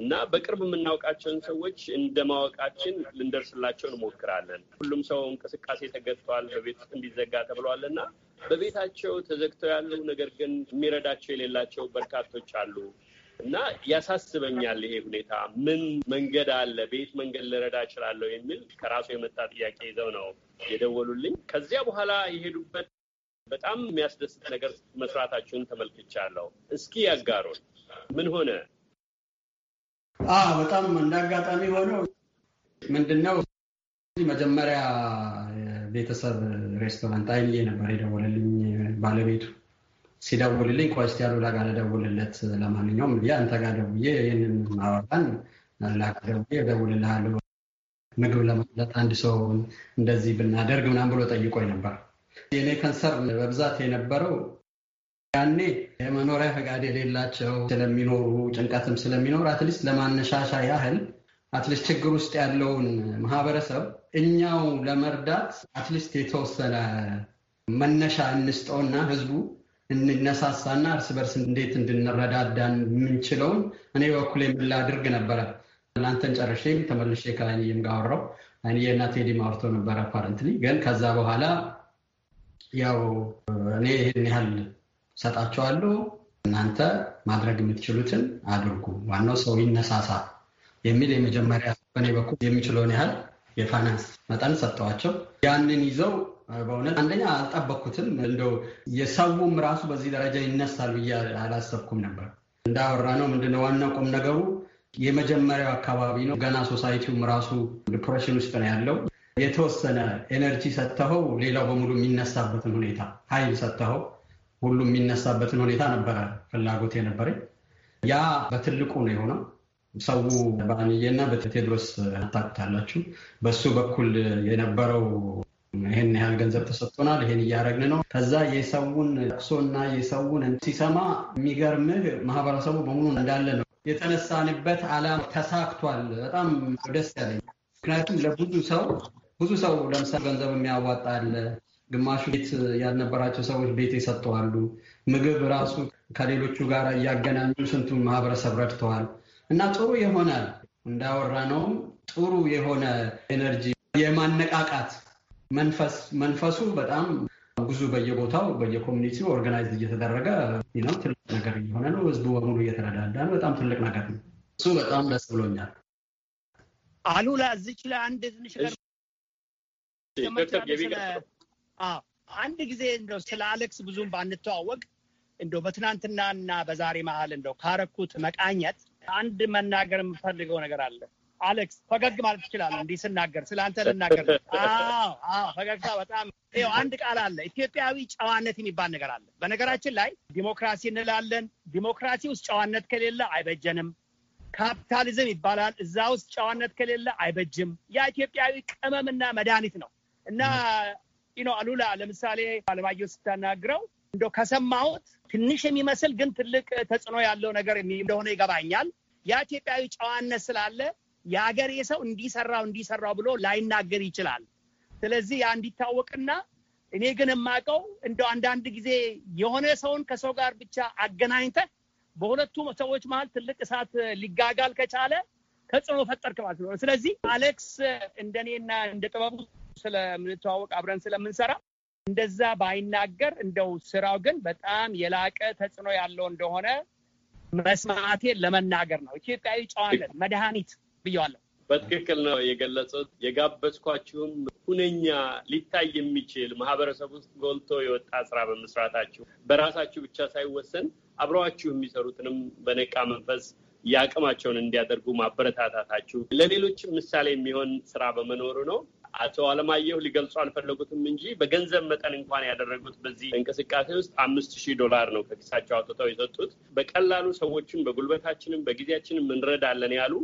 እና በቅርብ የምናውቃቸውን ሰዎች እንደ ማወቃችን ልንደርስላቸው እንሞክራለን። ሁሉም ሰው እንቅስቃሴ ተገጥቷል፣ በቤት ውስጥ እንዲዘጋ ተብሏል እና በቤታቸው ተዘግተው ያሉ ነገር ግን የሚረዳቸው የሌላቸው በርካቶች አሉ እና ያሳስበኛል ይሄ ሁኔታ። ምን መንገድ አለ? በየት መንገድ ልረዳ እችላለሁ? የሚል ከራሱ የመጣ ጥያቄ ይዘው ነው የደወሉልኝ። ከዚያ በኋላ የሄዱበት በጣም የሚያስደስት ነገር መስራታችሁን ተመልክቻለሁ። እስኪ ያጋሩን፣ ምን ሆነ? በጣም እንዳጋጣሚ ሆነው ምንድነው መጀመሪያ ቤተሰብ ሬስቶራንት አይንዬ ነበር የደወለልኝ ባለቤቱ። ሲደውልልኝ ኮስቲያሉ ላጋ ለደውልለት ለማንኛውም ያ አንተ ጋር ደውዬ ይህንን ማወራን ላጋ ደውዬ ደውልልሃለሁ ምግብ ለማለት አንድ ሰው እንደዚህ ብናደርግ ምናም ብሎ ጠይቆኝ ነበር። የኔ ከንሰር በብዛት የነበረው ያኔ የመኖሪያ ፈቃድ የሌላቸው ስለሚኖሩ ጭንቀትም ስለሚኖር አትሊስት ለማነሻሻ ያህል አትሊስት ችግር ውስጥ ያለውን ማህበረሰብ እኛው ለመርዳት አትሊስት የተወሰነ መነሻ እንስጠውና ህዝቡ እንነሳሳና እርስ በርስ እንዴት እንድንረዳዳ የምንችለውን እኔ በኩል የምላድርግ ነበረ። ለአንተን ጨርሼም ተመልሼ ከአይንዬም ጋር አወራሁ። አይንዬና ቴዲም አውርተው ነበረ። አፓረንትሊ ግን ከዛ በኋላ ያው እኔ ይህን ያህል ሰጣችኋለሁ። እናንተ ማድረግ የምትችሉትን አድርጉ። ዋናው ሰው ይነሳሳ የሚል የመጀመሪያ በእኔ በኩል የሚችለውን ያህል የፋይናንስ መጠን ሰጥተዋቸው ያንን ይዘው በእውነት አንደኛ አልጠበኩትም። እንደው የሰውም ራሱ በዚህ ደረጃ ይነሳል ብዬ አላሰብኩም ነበር። እንዳወራ ነው ምንድነው ዋናው ቁም ነገሩ የመጀመሪያው አካባቢ ነው። ገና ሶሳይቲውም ራሱ ዲፕሬሽን ውስጥ ነው ያለው። የተወሰነ ኤነርጂ ሰጥተኸው ሌላው በሙሉ የሚነሳበትን ሁኔታ ሀይል ሰጥተኸው ሁሉም የሚነሳበትን ሁኔታ ነበረ ፍላጎት የነበረኝ። ያ በትልቁ ነው የሆነው። ሰው በአንዬና በቴድሮስ ታውቁታላችሁ። በሱ በኩል የነበረው ይህን ያህል ገንዘብ ተሰጥቶናል፣ ይሄን እያደረግን ነው። ከዛ የሰውን ቅሶና የሰውን ሲሰማ የሚገርምህ ማህበረሰቡ በሙሉ እንዳለ ነው የተነሳንበት አላማ ተሳክቷል። በጣም ደስ ያለኝ ምክንያቱም ለብዙ ሰው ብዙ ሰው ለምሳሌ ገንዘብ የሚያዋጣ አለ፣ ግማሹ ቤት ያልነበራቸው ሰዎች ቤት ይሰጠዋሉ። ምግብ ራሱ ከሌሎቹ ጋር እያገናኙ ስንቱን ማህበረሰብ ረድተዋል እና ጥሩ የሆነ እንዳወራ ነውም ጥሩ የሆነ ኤነርጂ የማነቃቃት መንፈስ መንፈሱ በጣም ብዙ በየቦታው በየኮሚኒቲው ኦርጋናይዝ እየተደረገ ነው። ትልቅ ነገር እየሆነ ነው። ህዝቡ በሙሉ እየተረዳዳ ነው። በጣም ትልቅ ነገር ነው። እሱ በጣም ደስ ብሎኛል። አሉላ እዚች ላይ አንድ ትንሽ ነገር አንድ ጊዜ እንደው ስለ አሌክስ ብዙም ባንተዋወቅ እንደው በትናንትናና በዛሬ መሀል እንደው ካረኩት መቃኘት አንድ መናገር የምፈልገው ነገር አለ። አሌክስ ፈገግ ማለት ትችላለህ። እንዲህ ስናገር ስለ አንተ ልናገር። ፈገግታ በጣም ይኸው አንድ ቃል አለ፣ ኢትዮጵያዊ ጨዋነት የሚባል ነገር አለ። በነገራችን ላይ ዲሞክራሲ እንላለን። ዲሞክራሲ ውስጥ ጨዋነት ከሌለ አይበጀንም። ካፒታሊዝም ይባላል። እዛ ውስጥ ጨዋነት ከሌለ አይበጅም። ያ ኢትዮጵያዊ ቅመምና መድኃኒት ነው እና ነው አሉላ። ለምሳሌ አለማየሁ ስታናግረው እንደው ከሰማሁት ትንሽ የሚመስል ግን ትልቅ ተጽዕኖ ያለው ነገር እንደሆነ ይገባኛል። ያ ኢትዮጵያዊ ጨዋነት ስላለ የሀገሬ ሰው እንዲሰራው እንዲሰራው ብሎ ላይናገር ይችላል። ስለዚህ ያ እንዲታወቅና እኔ ግን የማውቀው እንደው አንዳንድ ጊዜ የሆነ ሰውን ከሰው ጋር ብቻ አገናኝተህ በሁለቱ ሰዎች መሀል ትልቅ እሳት ሊጋጋል ከቻለ ተጽዕኖ ፈጠርክ ማለት ነው። ስለዚህ አሌክስ እንደኔና እንደ ጥበቡ ስለምንተዋወቅ አብረን ስለምንሰራ እንደዛ ባይናገር እንደው ስራው ግን በጣም የላቀ ተጽዕኖ ያለው እንደሆነ መስማቴን ለመናገር ነው። ኢትዮጵያዊ ጨዋነት መድኃኒት ብያለሁ። በትክክል ነው የገለጹት። የጋበዝኳችሁም ሁነኛ ሊታይ የሚችል ማህበረሰብ ውስጥ ጎልቶ የወጣ ስራ በመስራታችሁ በራሳችሁ ብቻ ሳይወሰን አብረዋችሁ የሚሰሩትንም በነቃ መንፈስ የአቅማቸውን እንዲያደርጉ ማበረታታታችሁ ለሌሎችም ምሳሌ የሚሆን ስራ በመኖሩ ነው። አቶ አለማየሁ ሊገልጹ አልፈለጉትም እንጂ በገንዘብ መጠን እንኳን ያደረጉት በዚህ እንቅስቃሴ ውስጥ አምስት ሺህ ዶላር ነው ከኪሳቸው አውጥተው የሰጡት። በቀላሉ ሰዎችን በጉልበታችንም በጊዜያችንም እንረዳለን ያሉ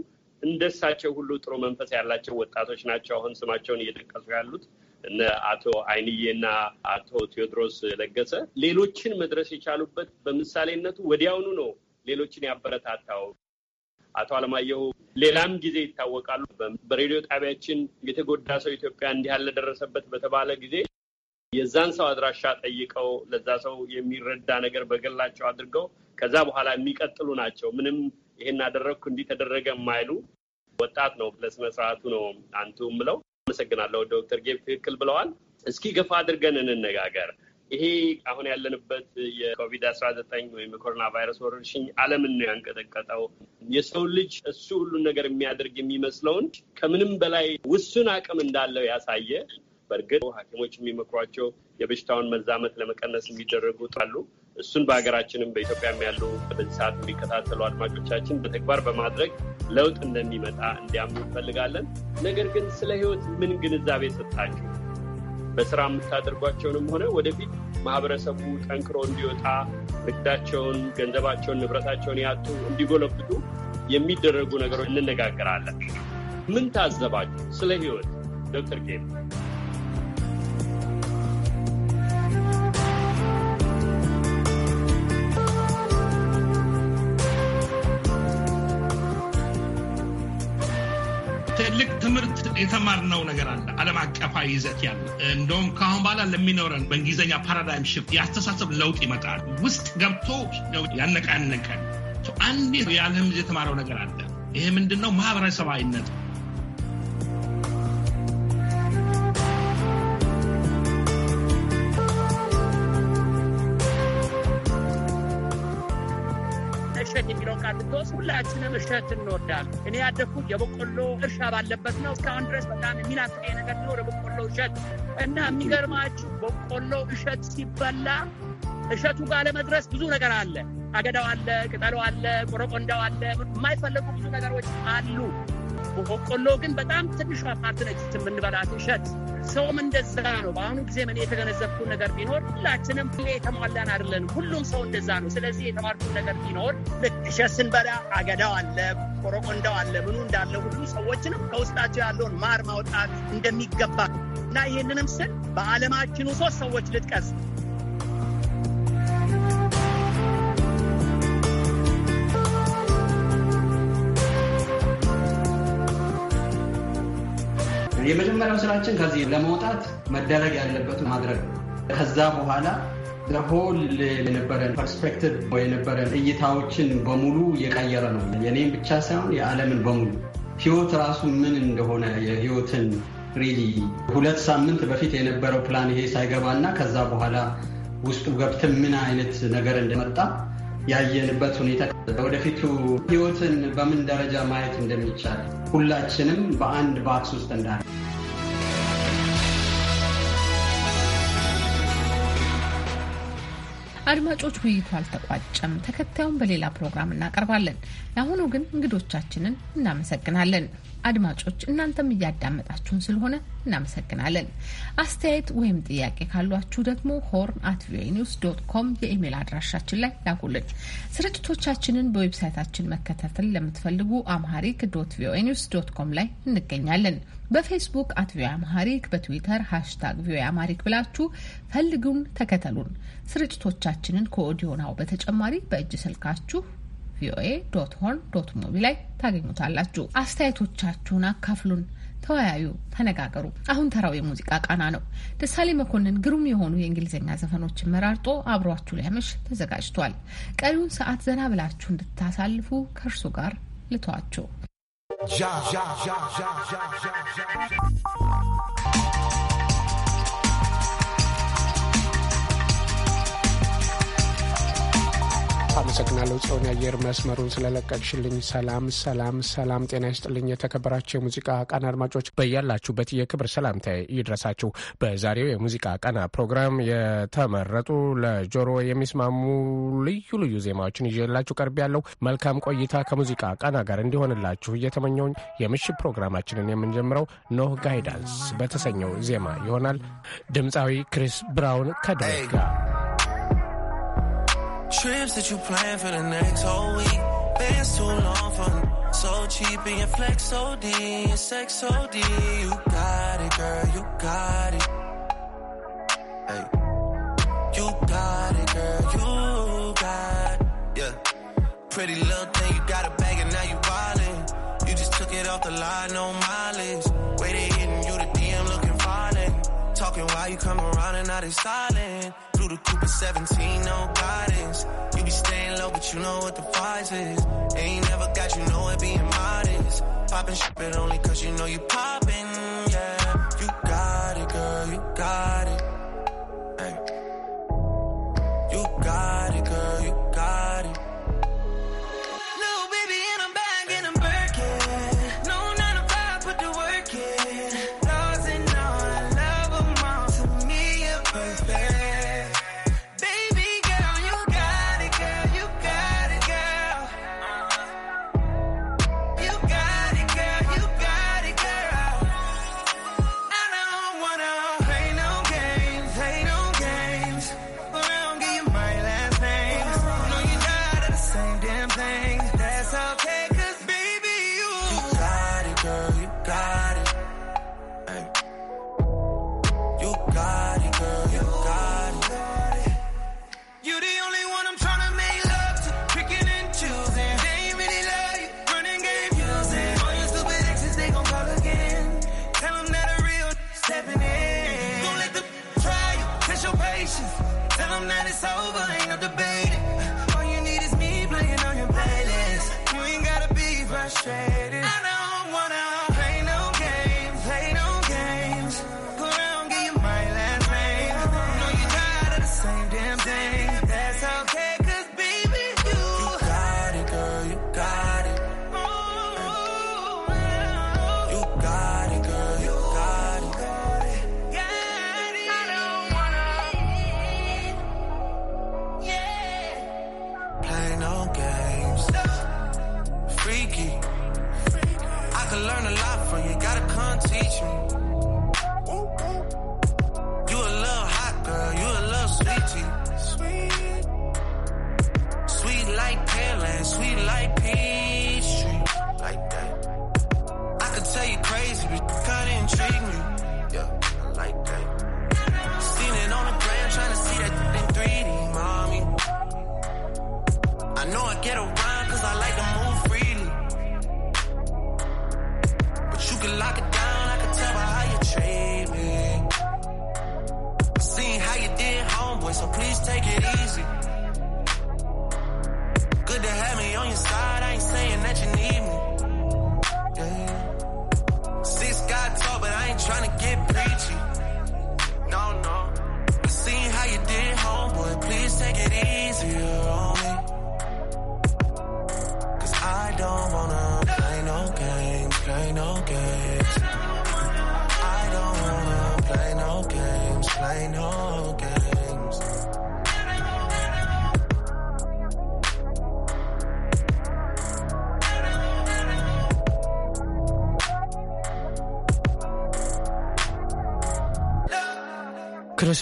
እንደሳቸው ሁሉ ጥሩ መንፈስ ያላቸው ወጣቶች ናቸው። አሁን ስማቸውን እየጠቀሱ ያሉት እነ አቶ አይንዬና አቶ ቴዎድሮስ ለገሰ ሌሎችን መድረስ የቻሉበት በምሳሌነቱ ወዲያውኑ ነው ሌሎችን ያበረታታው። አቶ አለማየሁ ሌላም ጊዜ ይታወቃሉ። በሬዲዮ ጣቢያችን የተጎዳ ሰው ኢትዮጵያ እንዲህ ያለ ደረሰበት በተባለ ጊዜ የዛን ሰው አድራሻ ጠይቀው ለዛ ሰው የሚረዳ ነገር በገላቸው አድርገው ከዛ በኋላ የሚቀጥሉ ናቸው። ምንም ይሄን አደረግኩ እንዲህ ተደረገ የማይሉ ወጣት ነው። ለስነ ስርዓቱ ነው አንቱ ምለው። አመሰግናለሁ ዶክተር ጌብ ትክክል ብለዋል። እስኪ ገፋ አድርገን እንነጋገር። ይሄ አሁን ያለንበት የኮቪድ አስራ ዘጠኝ ወይም የኮሮና ቫይረስ ወረርሽኝ ዓለምን ነው ያንቀጠቀጠው። የሰው ልጅ እሱ ሁሉን ነገር የሚያደርግ የሚመስለውን ከምንም በላይ ውሱን አቅም እንዳለው ያሳየ በእርግጥ ሐኪሞች የሚመክሯቸው የበሽታውን መዛመት ለመቀነስ የሚደረጉ አሉ። እሱን በሀገራችንም በኢትዮጵያም ያሉ በዚህ ሰዓት የሚከታተሉ አድማጮቻችን በተግባር በማድረግ ለውጥ እንደሚመጣ እንዲያምኑ እንፈልጋለን። ነገር ግን ስለ ህይወት ምን ግንዛቤ ሰጣችሁ? በስራ የምታደርጓቸውንም ሆነ ወደፊት ማህበረሰቡ ጠንክሮ እንዲወጣ ንግዳቸውን፣ ገንዘባቸውን፣ ንብረታቸውን ያጡ እንዲጎለብቱ የሚደረጉ ነገሮች እንነጋገራለን። ምን ታዘባችሁ ስለ ህይወት ዶክተር ጌ የተማርነው ነገር አለ። ዓለም አቀፋዊ ይዘት ያለ እንደውም ከአሁን በኋላ ለሚኖረን በእንግሊዝኛ ፓራዳይም ሽፍት የአስተሳሰብ ለውጥ ይመጣል። ውስጥ ገብቶ ያነቃነቀን አንድ የዓለም የተማረው ነገር አለ። ይሄ ምንድን ነው? ማህበረሰባዊነት ቃሊቲስ ሁላችንም እሸት እንወዳል። እኔ ያደግኩት የበቆሎ እርሻ ባለበት ነው። እስካሁን ድረስ በጣም የሚናፍቀ ነገር ቢኖር የበቆሎ እሸት እና የሚገርማችሁ በቆሎ እሸት ሲበላ እሸቱ ጋር ለመድረስ ብዙ ነገር አለ። አገዳው አለ፣ ቅጠሉ አለ፣ ቆረቆንዳው አለ፣ የማይፈለጉ ብዙ ነገሮች አሉ። በቆሎ ግን በጣም ትንሿ ፓርት ነች የምንበላት እሸት። ሰውም እንደዛ ነው። በአሁኑ ጊዜ ምን የተገነዘብኩት ነገር ቢኖር ሁላችንም የተሟላን አይደለን ሁሉም ሰው እንደዛ ነው። ስለዚህ የተማርኩት ነገር ቢኖር ልክ እሸት ስንበላ አገዳው አለ፣ ቆረቆንዳው አለ፣ ምኑ እንዳለ ሁሉ ሰዎችንም ከውስጣቸው ያለውን ማር ማውጣት እንደሚገባ እና ይህንንም ስል በአለማችኑ ሶስት ሰዎች ልጥቀስ የመጀመሪያው ስራችን ከዚህ ለመውጣት መደረግ ያለበት ማድረግ ከዛ በኋላ ለሆል የነበረን ፐርስፔክቲቭ የነበረን እይታዎችን በሙሉ የቀየረ ነው። የኔም ብቻ ሳይሆን የዓለምን በሙሉ ህይወት ራሱ ምን እንደሆነ የህይወትን ሪሊ ሁለት ሳምንት በፊት የነበረው ፕላን ይሄ እና ከዛ በኋላ ውስጡ ገብተን ምን አይነት ነገር እንደመጣ ያየንበት ሁኔታ ወደፊቱ ህይወትን በምን ደረጃ ማየት እንደሚቻል ሁላችንም በአንድ ባክስ ውስጥ እንዳ አድማጮች፣ ውይይቱ አልተቋጨም። ተከታዩን በሌላ ፕሮግራም እናቀርባለን። ለአሁኑ ግን እንግዶቻችንን እናመሰግናለን። አድማጮች እናንተም እያዳመጣችሁን ስለሆነ እናመሰግናለን። አስተያየት ወይም ጥያቄ ካሏችሁ ደግሞ ሆርን አት ቪኦኤ ኒውስ ዶት ኮም የኢሜይል አድራሻችን ላይ ላኩልን። ስርጭቶቻችንን በዌብሳይታችን መከታተል ለምትፈልጉ አምሃሪክ ዶት ቪኦኤ ኒውስ ዶት ኮም ላይ እንገኛለን። በፌስቡክ አት ቪኦኤ አምሃሪክ፣ በትዊተር ሃሽታግ ቪኦኤ አማሪክ ብላችሁ ፈልጉን፣ ተከተሉን። ስርጭቶቻችንን ከኦዲዮ ናው በተጨማሪ በእጅ ስልካችሁ ቪኦኤ ዶት ሆርን ዶት ሞቢ ላይ ታገኙታላችሁ። አስተያየቶቻችሁን አካፍሉን፣ ተወያዩ፣ ተነጋገሩ። አሁን ተራው የሙዚቃ ቃና ነው። ደሳሌ መኮንን ግሩም የሆኑ የእንግሊዝኛ ዘፈኖችን መራርጦ አብሯችሁ ሊያመሽ ተዘጋጅቷል። ቀሪውን ሰዓት ዘና ብላችሁ እንድታሳልፉ ከእርሱ ጋር ልተዋችሁ። አመሰግናለሁ ጽዮን፣ የአየር መስመሩን ስለለቀቅሽልኝ። ሰላም ሰላም ሰላም፣ ጤና ይስጥልኝ። የተከበራቸው የሙዚቃ ቃና አድማጮች በያላችሁበት የክብር ሰላምታ ይድረሳችሁ። በዛሬው የሙዚቃ ቃና ፕሮግራም የተመረጡ ለጆሮ የሚስማሙ ልዩ ልዩ ዜማዎችን ይዤላችሁ ቀርብ ያለው መልካም ቆይታ ከሙዚቃ ቃና ጋር እንዲሆንላችሁ እየተመኘውን የምሽት ፕሮግራማችንን የምንጀምረው ኖህ ጋይዳንስ በተሰኘው ዜማ ይሆናል። ድምፃዊ ክሪስ ብራውን ከዳይ ጋር Trips that you plan for the next whole week. Bands too long for so cheap and your flex OD, your sex OD. You got it, girl, you got it. Hey, you got it, girl, you got it. Yeah, pretty little thing, you got a bag and now you wildin'. You just took it off the line, no mileage talking while you come around and now they silent. Through the Cooper 17, no guidance. You be staying low, but you know what the price is. Ain't never got you know it being modest. Poppin' shit, but only cause you know you poppin', yeah. You got it, girl, you got it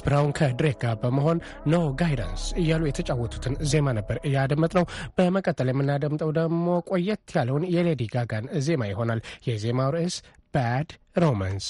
ብራውን ከድሬክ ጋር በመሆን ኖ ጋይዳንስ እያሉ የተጫወቱትን ዜማ ነበር እያደመጥ ነው። በመቀጠል የምናደምጠው ደግሞ ቆየት ያለውን የሌዲ ጋጋን ዜማ ይሆናል። የዜማው ርዕስ ባድ ሮማንስ።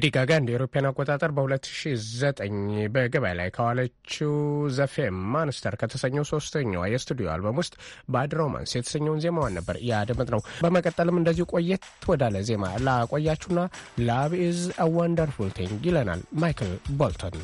ሌዲ ጋጋ እንደ ኤሮፓያን አቆጣጠር በ2009 በገበያ ላይ ከዋለችው ዘፌ ማንስተር ከተሰኘው ሶስተኛዋ የስቱዲዮ አልበም ውስጥ ባድ ሮማንስ የተሰኘውን ዜማዋን ነበር ያደመጥ ነው። በመቀጠልም እንደዚሁ ቆየት ወዳለ ዜማ ላቆያችሁና ላቭ ኢዝ አ ወንደርፉል ቲንግ ይለናል ማይክል ቦልቶን።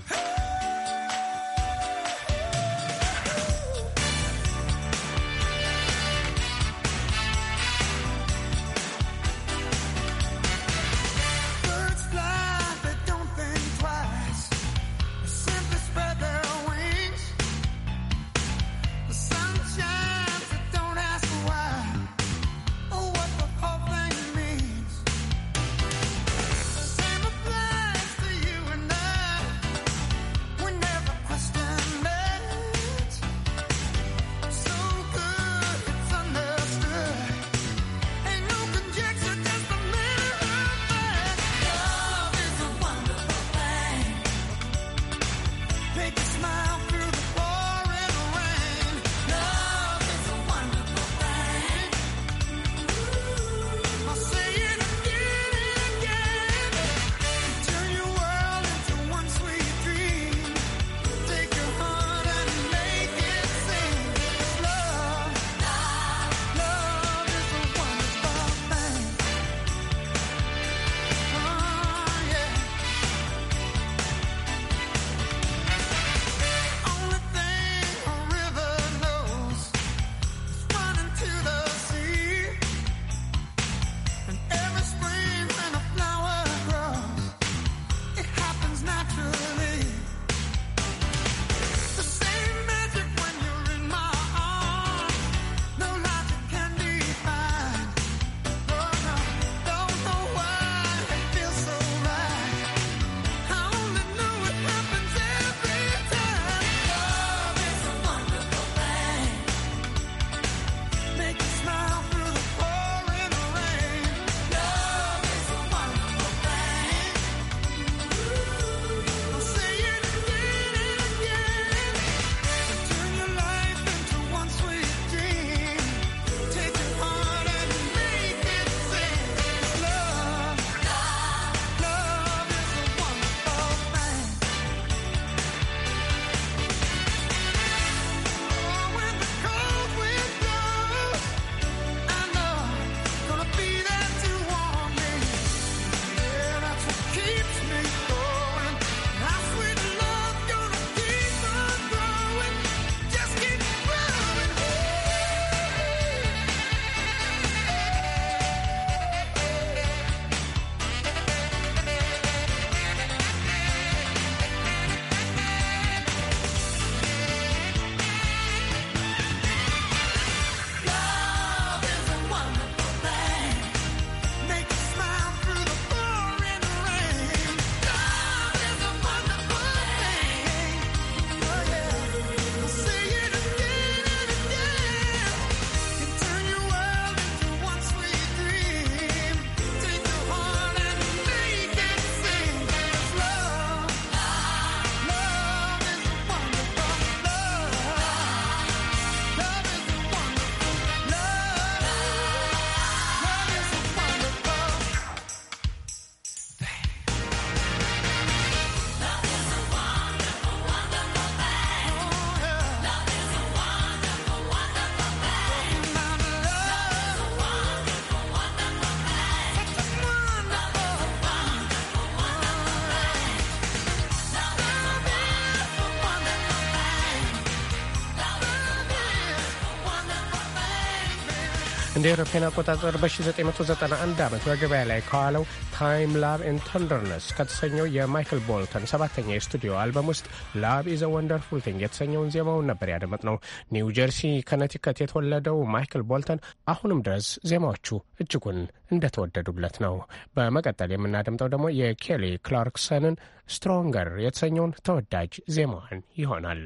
እንደ ኤሮፓን አቆጣጠር በ1991 ዓመት በገበያ ላይ ከዋለው ታይም ላቭ ኤን ተንደርነስ ከተሰኘው የማይክል ቦልተን ሰባተኛ የስቱዲዮ አልበም ውስጥ ላቭ ኢዘ ወንደርፉል ቲንግ የተሰኘውን ዜማውን ነበር ያደመጥ ነው። ኒው ጀርሲ ከነቲከት የተወለደው ማይክል ቦልተን አሁንም ድረስ ዜማዎቹ እጅጉን እንደተወደዱለት ነው። በመቀጠል የምናደምጠው ደግሞ የኬሊ ክላርክሰንን ስትሮንገር የተሰኘውን ተወዳጅ ዜማዋን ይሆናል።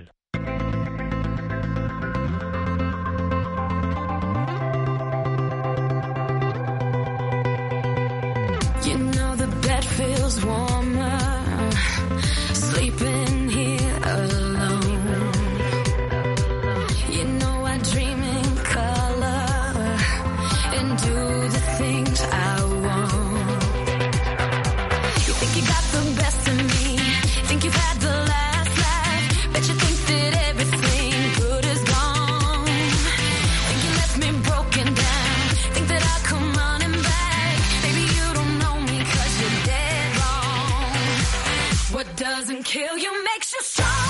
kill you makes you strong.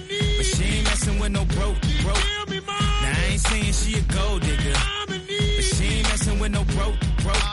with no broke, broke. Now I ain't saying she a gold digger, but she ain't messing with no broke, broke.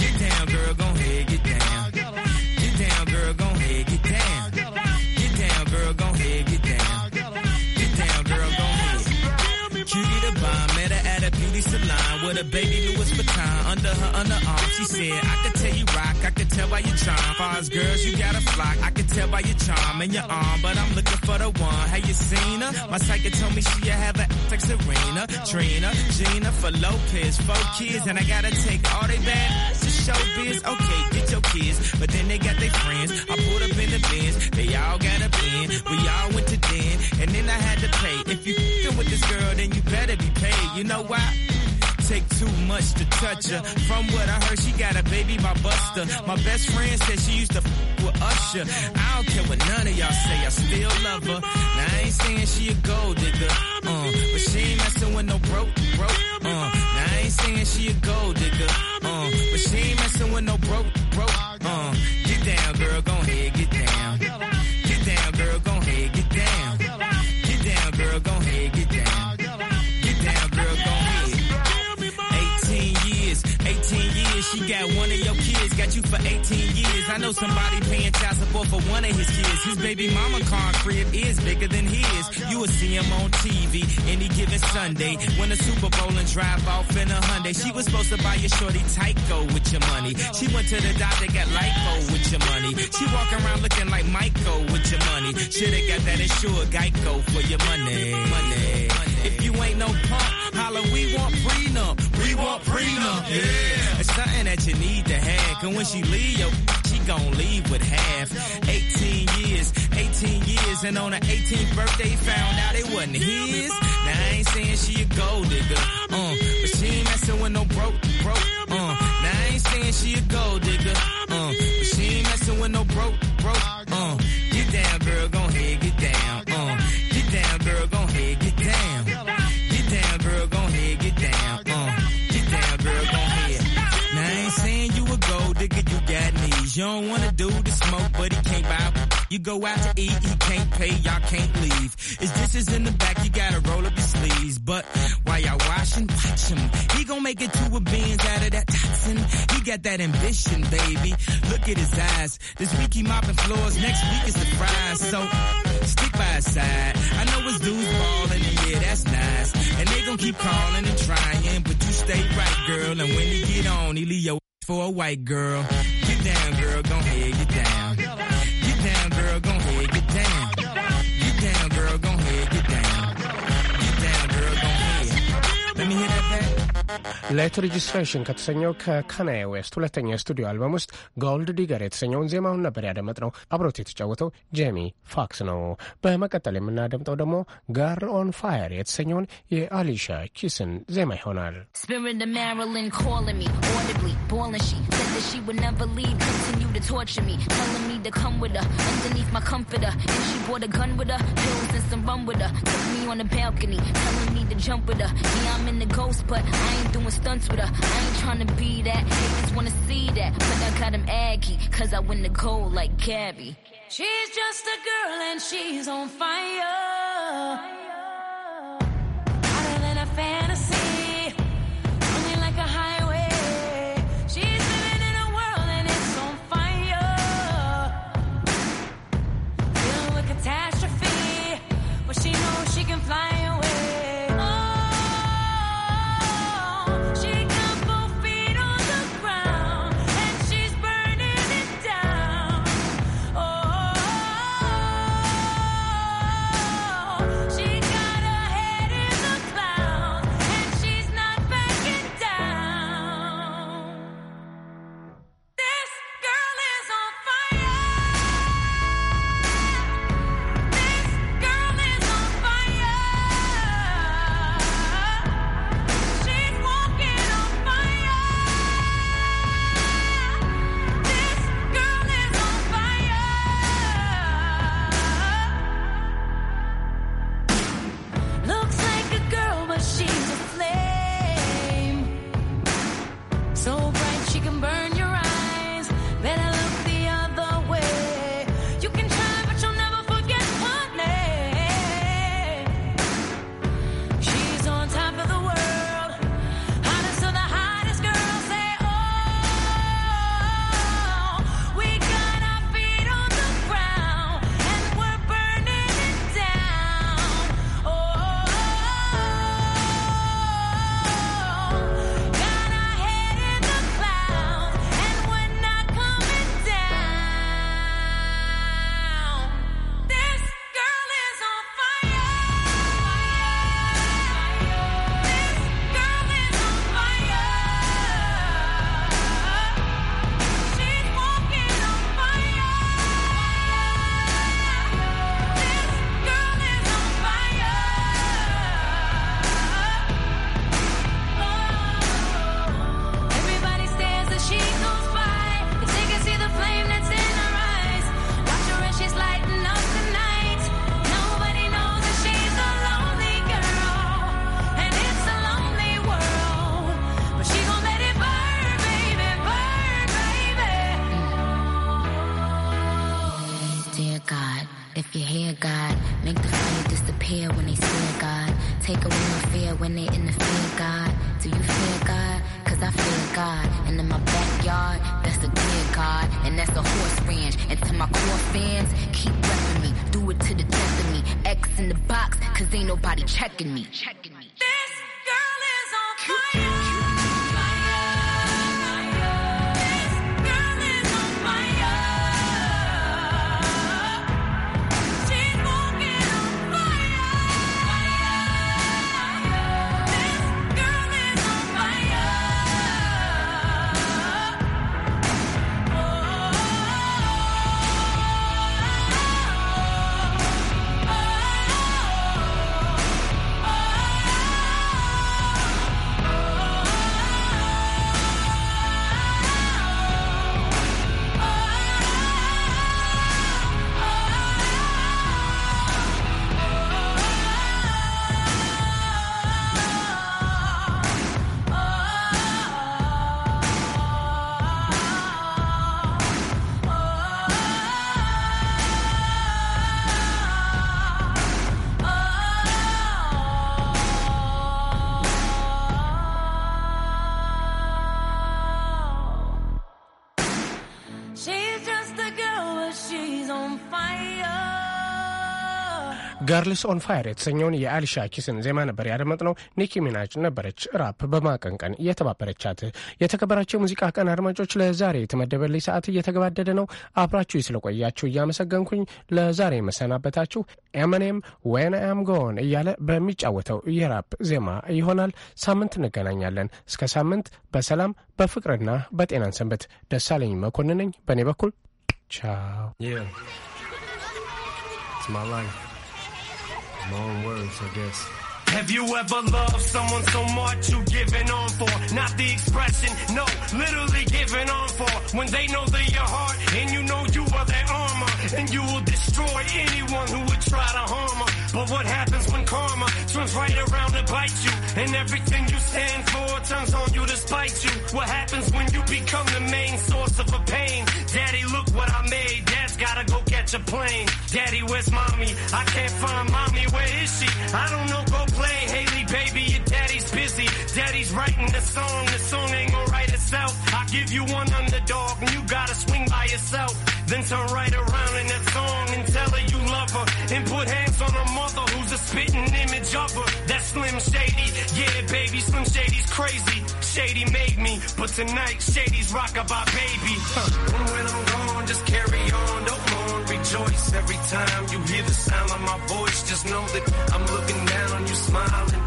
Get down, girl, gon' head, get down. Get down, girl, gon' head, get down. Get down, girl, gon' head, get down. Get down, girl, gon' head. Cutie the bomb, met her at a beauty salon with a baby Louis Vuitton under her underarm. She said, I could tell you rock, I could tell by your charm. Far girls, you got a flock. I could tell by your charm and your arm, but I'm looking for the one. Have you seen her? My psychic told me she have a like Serena, Trina, Gina for Lopez, four kids, and I gotta take all they back to show biz. Okay, get your kids, but then they got their friends. I pulled up in the bins, they all got a bin. We all went to den, and then I had to pay. If you with this girl, then you better be paid. You know why? take too much to touch her. From what I heard, she got a baby by Buster. My best friend said she used to f with Usher. I don't care what none of y'all say, I still love her. Now I ain't saying she a gold digger, uh, but she ain't messing with no broke, broke, uh. Now I ain't saying she a gold digger, uh, but she ain't messing with no broke, broke, uh. Get down, girl, go ahead, get down. She got one of your kids, got you for 18 years. I know somebody paying child support for one of his kids. His baby mama car crib is bigger than his. You will see him on TV any given Sunday. Win a Super Bowl and drive off in a Hyundai. She was supposed to buy your shorty Tyco with your money. She went to the doctor, got Lyco with your money. She walk around looking like Michael with your money. Shoulda got that insured Geico for your money. money. If you ain't no punk, holla, we want prenup. We want prenup, yeah. It's something man that you need to have. and when she leave, yo, she gon' leave with half. 18 years, 18 years, and on her 18th birthday, found out it wasn't his. Now I ain't saying she a gold digger, uh, but she ain't messing with no broke, broke, uh. Now I ain't saying she a gold digger, uh, but she ain't messing with no broke, broke, uh. Get down, girl, gon' head, get down. You don't wanna do the smoke, but he can't buy. You go out to eat, he can't pay, y'all can't leave. His dishes in the back, you gotta roll up your sleeves. But while y'all washing, watch him. He gon' make it to a beans out of that toxin. He got that ambition, baby. Look at his eyes. This week he mopping floors, next week is the prize. So stick by his side. I know his dudes ballin', and yeah, that's nice. And they gon' keep calling and trying, but you stay right, girl. And when he get on, he leave your for a white girl down, girl, gon' head you down. ሌት ሬጅስትሬሽን ከተሰኘው ከካናዬ ዌስት ሁለተኛ የስቱዲዮ አልበም ውስጥ ጎልድ ዲገር የተሰኘውን ዜማውን ነበር ያደመጥነው። አብሮት የተጫወተው ጄሚ ፋክስ ነው። በመቀጠል የምናደምጠው ደግሞ ጋርል ኦን ፋየር የተሰኘውን የአሊሻ ኪስን ዜማ ይሆናል። Pills and some rum with her. Took me on the balcony, telling me to jump with her. Yeah, I'm in the ghost, but I ain't ain't doing stunts with her. I ain't trying to be that. Niggas wanna see that. But I got him aggy, cause I win the gold like Gabby. She's just a girl and she's on fire. fire. Hotter than a fan. And in my backyard, that's the dear God. And that's the horse ranch. And to my core fans, keep repping me. Do it to the death of me. X in the box, cause ain't nobody checking me. Checking ገርልስ ኦን ፋየር የተሰኘውን የአሊሻ ኪስን ዜማ ነበር ያደመጥነው። ኒኪ ሚናጅ ነበረች ራፕ በማቀንቀን እየተባበረቻት። የተከበራቸው የሙዚቃ ቀን አድማጮች፣ ለዛሬ የተመደበልኝ ሰዓት እየተገባደደ ነው። አብራችሁ ስለቆያችሁ እያመሰገንኩኝ ለዛሬ መሰናበታችሁ ኤምኔም ዌን አም ጎን እያለ በሚጫወተው የራፕ ዜማ ይሆናል። ሳምንት እንገናኛለን። እስከ ሳምንት በሰላም በፍቅርና በጤናን ሰንበት። ደሳለኝ መኮንን ነኝ። በእኔ በኩል ቻው። Long words, I guess. Have you ever loved someone so much you giving on for? Not the expression, no, literally giving on for. When they know they're your heart and you know you are their armor, and you will destroy anyone who would try to harm her. But what happens when karma turns right around to bite you? And everything you stand for turns on you to spite you. What happens when you become the main source of a pain? Daddy, look what I made. Dad's gotta go catch a plane. Daddy, where's mommy? I can't find mommy. Where is she? I don't know. Go play baby, your daddy's busy. Daddy's writing the song, the song ain't gonna write itself. I give you one underdog, and you gotta swing by yourself. Then turn right around in that song and tell her you love her. And put hands on her mother, who's a spitting image of her. That Slim Shady, yeah, baby, Slim Shady's crazy. Shady made me, but tonight Shady's rockin' by baby. Huh. And when I'm gone, just carry on, don't mourn, rejoice. Every time you hear the sound of my voice, just know that I'm looking down on you, smiling.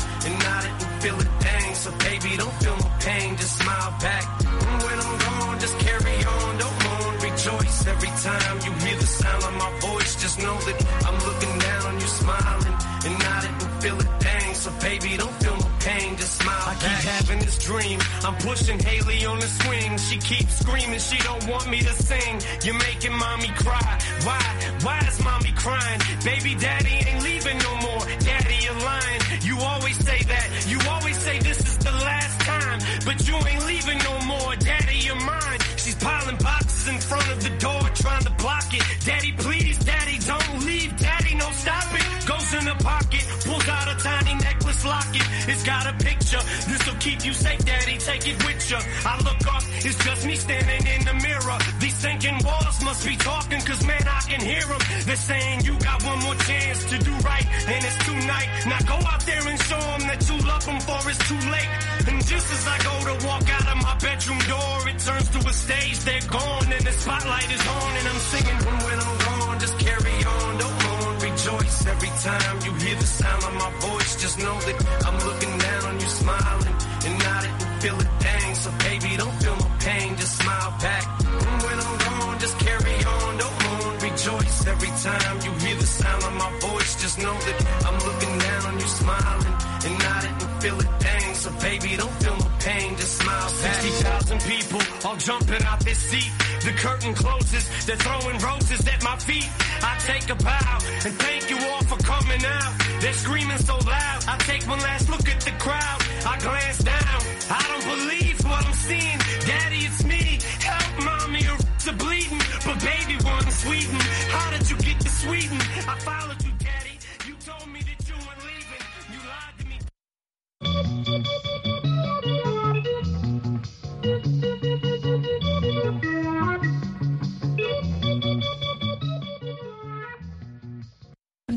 Feel a pain, so baby, don't feel no pain, just smile back. And when I'm gone, just carry on, don't mourn, rejoice every time you hear the sound of my voice. Just know that I'm looking down on you, smiling, and I do not feel a thing, so baby, don't feel no pain to smile. I keep having this dream. I'm pushing Haley on the swing. She keeps screaming, she don't want me to sing. You're making mommy cry. Why? Why is mommy crying? Baby daddy ain't leaving no more. Daddy, you're lying. You always say that. You always say this is the last time. But you ain't leaving no more. Daddy, you're mine. She's piling boxes in front of the door, trying to block it. Daddy, please, daddy, don't leave. Daddy, no stop it. Goes in the pocket flock it. It's got a picture. This'll keep you safe, daddy. Take it with you. I look up, it's just me standing in the mirror. These sinking walls must be talking, cause man, I can hear them. They're saying you got one more chance to do right, and it's tonight. Now go out there and show them that you love them, for it's too late. And just as I go to walk out of my bedroom door, it turns to a stage. They're gone, and the spotlight is on, and I'm singing when I'm gone. Just carry Every time you hear the sound of my voice, just know that I'm looking down on you, smiling. And I didn't feel a thing, so baby, don't feel my pain, just smile back. And when I'm gone, just carry on, don't mourn, rejoice. Every time you hear the sound of my voice, just know that I'm looking down on you, smiling. And I didn't feel a thing, so baby, don't feel my pain, just smile. 60,000 people all jumping out their seat. The curtain closes, they're throwing roses at my feet. I take a bow and thank you all for coming out. They're screaming so loud. I take one last look at the crowd. I glance down. I don't believe what I'm seeing. Daddy, it's me. Help mommy, her are bleeding. But baby, one Sweden. How did you get to Sweden? I followed.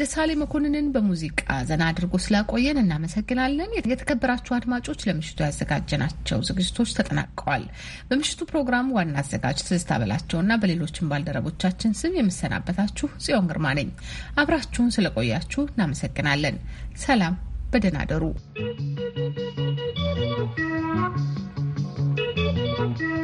ደሳሌ መኮንንን በሙዚቃ ዘና አድርጎ ስላቆየን እናመሰግናለን። የተከበራችሁ አድማጮች ለምሽቱ ያዘጋጀናቸው ዝግጅቶች ተጠናቀዋል። በምሽቱ ፕሮግራም ዋና አዘጋጅ ትዝታ በላቸውና በሌሎችም ባልደረቦቻችን ስም የምሰናበታችሁ ጽዮን ግርማ ነኝ። አብራችሁን ስለቆያችሁ እናመሰግናለን። ሰላም፣ በደህና you.